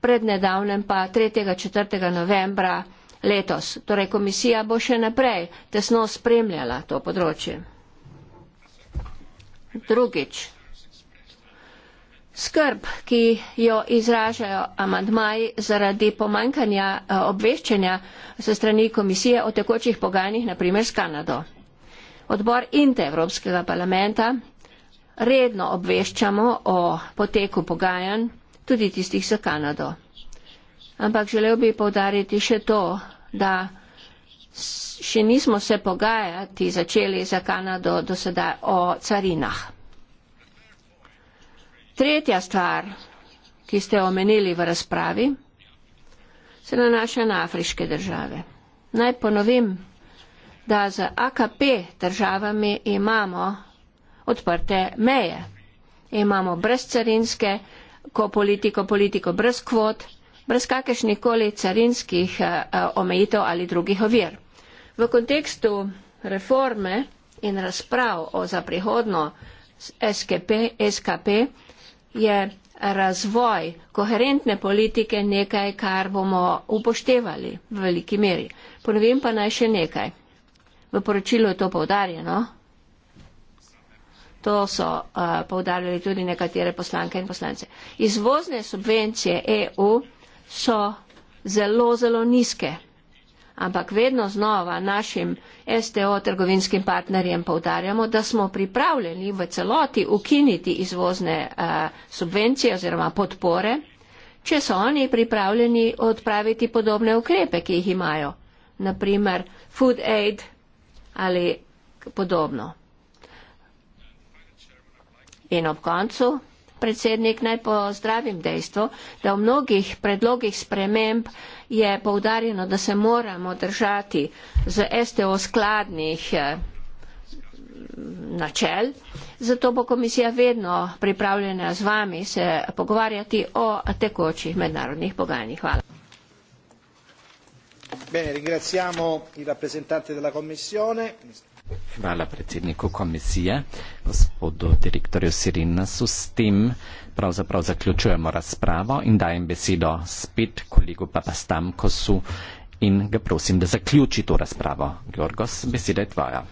prednedavnem pa 3. 4. novembra letos. Torej komisija bo še naprej tesno spremljala to področje. Drugič, skrb, ki jo izražajo amantmaji zaradi pomankanja eh, obveščanja se strani komisije o tekočih poganjih, naprimer s Kanado. Odbor Inte Evropskega parlamenta redno obveščamo o poteku pogajanj, tudi tistih s Kanado. Ampak želel bi povdariti še to, da še nismo se pogajati začeli za Kanado do sedaj o carinah. Tretja stvar, ki ste omenili v razpravi, se nanaša na afriške države. Naj ponovim, da z AKP državami imamo odprte meje. Imamo brezcarinske, ko politiko, politiko brez kvot, brez kakršnih koli carinskih eh, omejitev ali drugih ovir. V kontekstu reforme in razprav o za prihodno SKP, SKP je razvoj koherentne politike nekaj, kar bomo upoštevali v veliki meri. Ponovim pa naj še nekaj. V poročilu je to povdarjeno. To so uh, eh, povdarjali tudi nekatere poslanke in poslance. Izvozne subvencije EU so zelo, zelo nizke ampak vedno znova našim STO trgovinskim partnerjem povdarjamo, da smo pripravljeni v celoti ukiniti izvozne uh, subvencije oziroma podpore, če so oni pripravljeni odpraviti podobne ukrepe, ki jih imajo, naprimer food aid ali podobno. In ob koncu, predsednik, naj pozdravim dejstvo, da v mnogih predlogih sprememb uh, je povdarjeno, da se moramo držati z STO skladnih eh, načel. Zato bo komisija vedno pripravljena z vami se pogovarjati o tekočih mednarodnih pogajanjih. Hvala. Bene, ringraziamo i rappresentanti della Commissione. Hvala predsedniku komisije, gospodu direktorju Sirinasu, s tem pravzaprav zaključujemo razpravo in dajem besedo spet kolegu Papastamkosu in ga prosim, da zaključi to razpravo. Georgos, beseda je tvoja.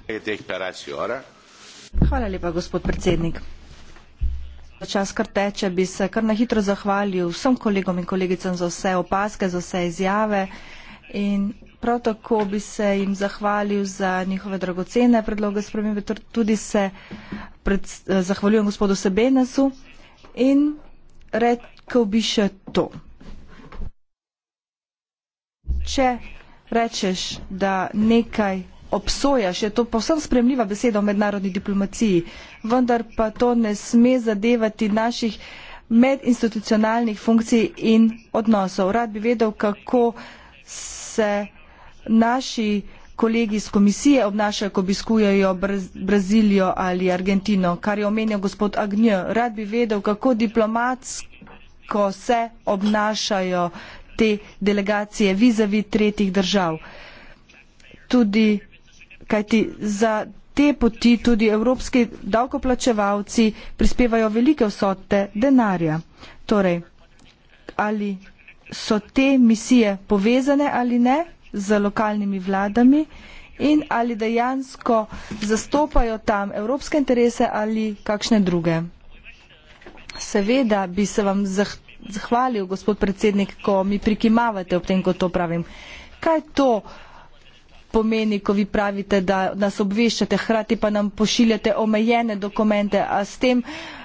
Hvala lepa, gospod predsednik. Čas kar teče, bi se kar na hitro zahvalil vsem kolegom in kolegicam za vse opaske, za vse izjave in prav tako bi se jim zahvalil za njihove dragocene predloge spremembe, tudi se pred, zahvaljujem gospodu Sebenesu. In rekel bi še to. Če rečeš, da nekaj obsojaš, je to povsem spremljiva beseda v mednarodni diplomaciji, vendar pa to ne sme zadevati naših medinstitucionalnih funkcij in odnosov. Rad bi vedel, kako se naši kolegi iz komisije obnašajo, ko obiskujejo Brazilijo ali Argentino, kar je omenjal gospod Agnjo. Rad bi vedel, kako diplomatsko se obnašajo te delegacije vizavi tretjih držav. Tudi, kajti za te poti tudi evropski davkoplačevalci prispevajo velike vsote denarja. Torej, ali so te misije povezane ali ne? z lokalnimi vladami in ali dejansko zastopajo tam evropske interese ali kakšne druge. Seveda bi se vam zahvalil, gospod predsednik, ko mi prikimavate ob tem, ko to pravim. Kaj to pomeni, ko vi pravite, da nas obveščate, hrati pa nam pošiljate omejene dokumente, a s tem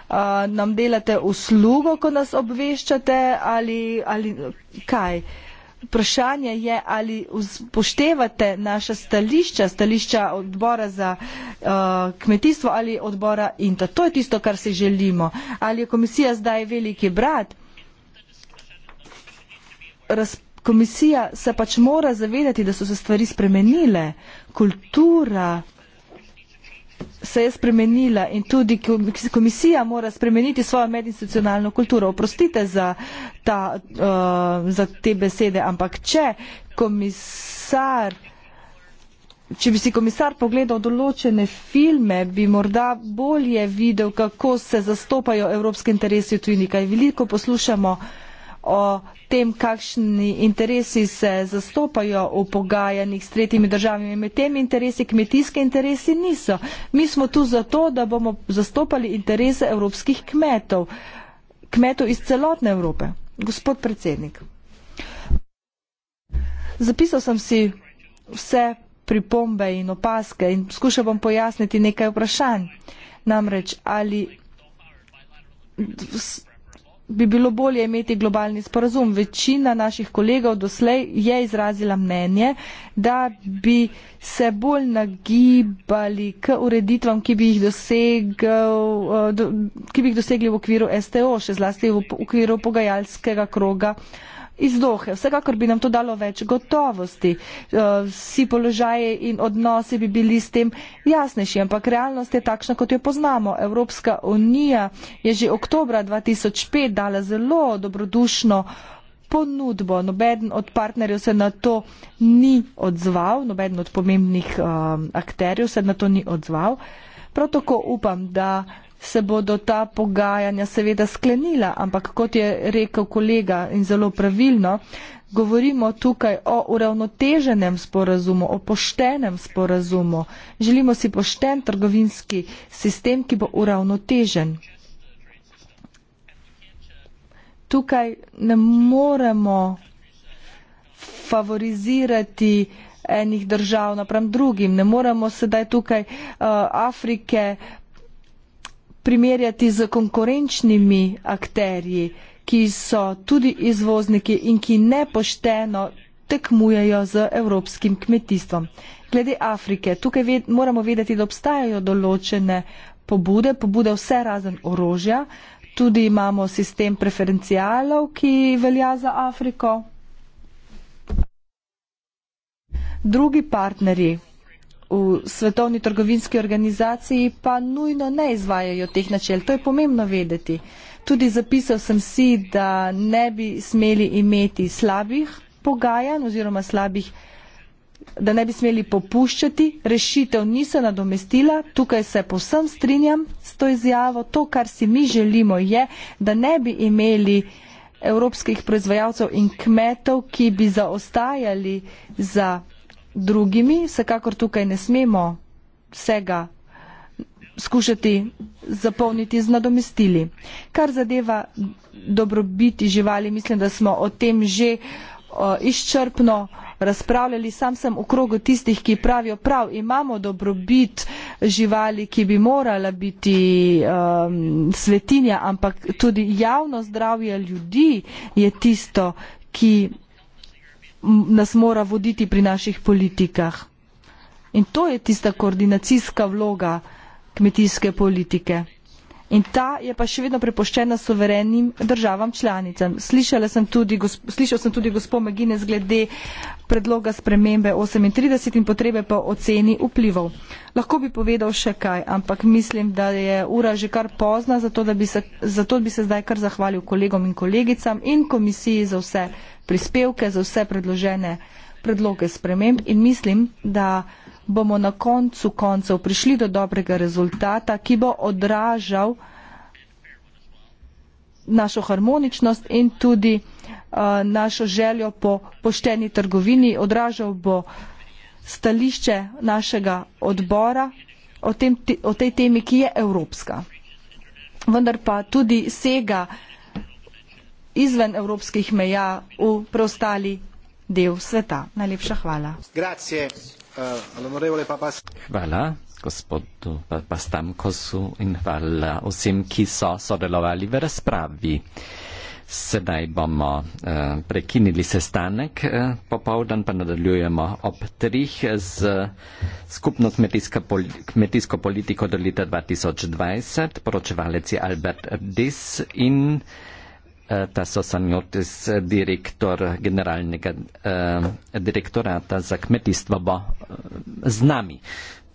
a, nam delate uslugo, ko nas obveščate ali, ali kaj? Uh, vprašanje je, ali poštevate naša stališča, stališča odbora za uh, kmetijstvo ali odbora INTA. To je tisto, kar si želimo. Ali je komisija zdaj veliki brat? Raz, komisija se pač mora zavedati, da so se stvari spremenile. Kultura se je spremenila in tudi komisija mora spremeniti svojo medinstitucionalno kulturo. Oprostite za, ta, uh, za te besede, ampak če komisar. Če bi si komisar pogledal določene filme, bi morda bolje videl, kako se zastopajo evropske interesi v tujini, kaj veliko poslušamo uh, o tem, kakšni interesi se zastopajo v pogajanjih s tretjimi državami. Med temi interesi kmetijske interesi niso. Mi smo tu zato, da bomo zastopali interese evropskih kmetov, kmetov iz celotne Evrope. Gospod predsednik, zapisal sem si vse pripombe in opaske in skušal bom pojasniti nekaj vprašanj. Namreč, ali bi bilo bolje imeti globalni sporazum. Večina naših kolegov doslej je izrazila mnenje, da bi se bolj nagibali k ureditvam, ki bi jih, dosegel, eh, ki bi jih dosegli v okviru STO, še zlasti v okviru pogajalskega kroga iz Dohe. Vsekakor bi nam to dalo več gotovosti. Eh, vsi položaje in odnosi bi bili s tem jasnejši, ampak realnost je takšna, kot jo poznamo. Evropska unija je že oktobra 2005 dala zelo dobrodušno ponudbo. Nobeden od partnerjev se na to ni odzval, nobeden od pomembnih uh, akterjev se na to ni odzval. Prav tako upam, da se bodo ta pogajanja seveda sklenila, ampak kot je rekel kolega in zelo pravilno, govorimo tukaj o uravnoteženem sporazumu, o poštenem sporazumu. Želimo si pošten trgovinski sistem, ki bo uravnotežen. Tukaj ne moremo favorizirati enih držav naprem drugim. Ne moremo sedaj tukaj uh, Afrike uh, primerjati z konkurenčnimi akterji, ki so tudi izvozniki in ki nepošteno tekmujejo z evropskim kmetijstvom. Glede Afrike, tukaj ved, moramo vedeti, da obstajajo določene pobude, pobude vse razen orožja, tudi imamo sistem preferencijalov, ki velja za Afriko. Drugi partnerji, v svetovni trgovinski organizaciji pa nujno ne izvajajo teh načel. To je pomembno vedeti. Tudi zapisal sem si, da ne bi smeli imeti slabih pogajanj oziroma slabih, da ne bi smeli popuščati, rešitev niso nadomestila, tukaj se povsem strinjam s to izjavo. To, kar si mi želimo, je, da ne bi imeli evropskih proizvajalcev in kmetov, ki bi zaostajali za drugimi, vsekakor tukaj ne smemo vsega skušati zapolniti z nadomestili. Kar zadeva dobrobiti živali, mislim, da smo o tem že uh, izčrpno razpravljali. Sam sem v krogu tistih, ki pravijo, prav imamo dobrobit živali, ki bi morala biti um, svetinja, ampak tudi javno zdravje ljudi je tisto, ki nas mora voditi pri naših politikah. In to je tista koordinacijska vloga kmetijske politike. In ta je pa še vedno prepoščena soverenim državam članicam. Sem tudi, slišal sem tudi gospod Magines glede predloga spremembe 38 in potrebe po oceni vplivov. Lahko bi povedal še kaj, ampak mislim, da je ura že kar pozna, zato, bi se, zato bi se zdaj kar zahvalil kolegom in kolegicam in komisiji za vse prispevke, za vse predložene predloge sprememb in mislim, da bomo na koncu koncev prišli do dobrega rezultata, ki bo odražal našo harmoničnost in tudi uh, našo željo po pošteni trgovini, odražal bo stališče našega odbora o, tem, o tej temi, ki je evropska. Vendar pa tudi sega uh, izven evropskih meja v preostali del sveta. Najlepša hvala. Eh, hvala gospodu Bastamkosu in hvala vsem, ki so sodelovali v razpravi. Sedaj bomo eh, prekinili sestanek, eh, popovdan pa nadaljujemo ob trih z skupno kmetijsko politiko do leta 2020, poročevalec je Albert Dis in Taso Samjotis, eh, direktor generalnega eh, direktorata za kmetijstvo, bo eh, z nami.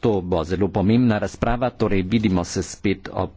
To bo zelo pomembna razprava, torej vidimo se spet ob.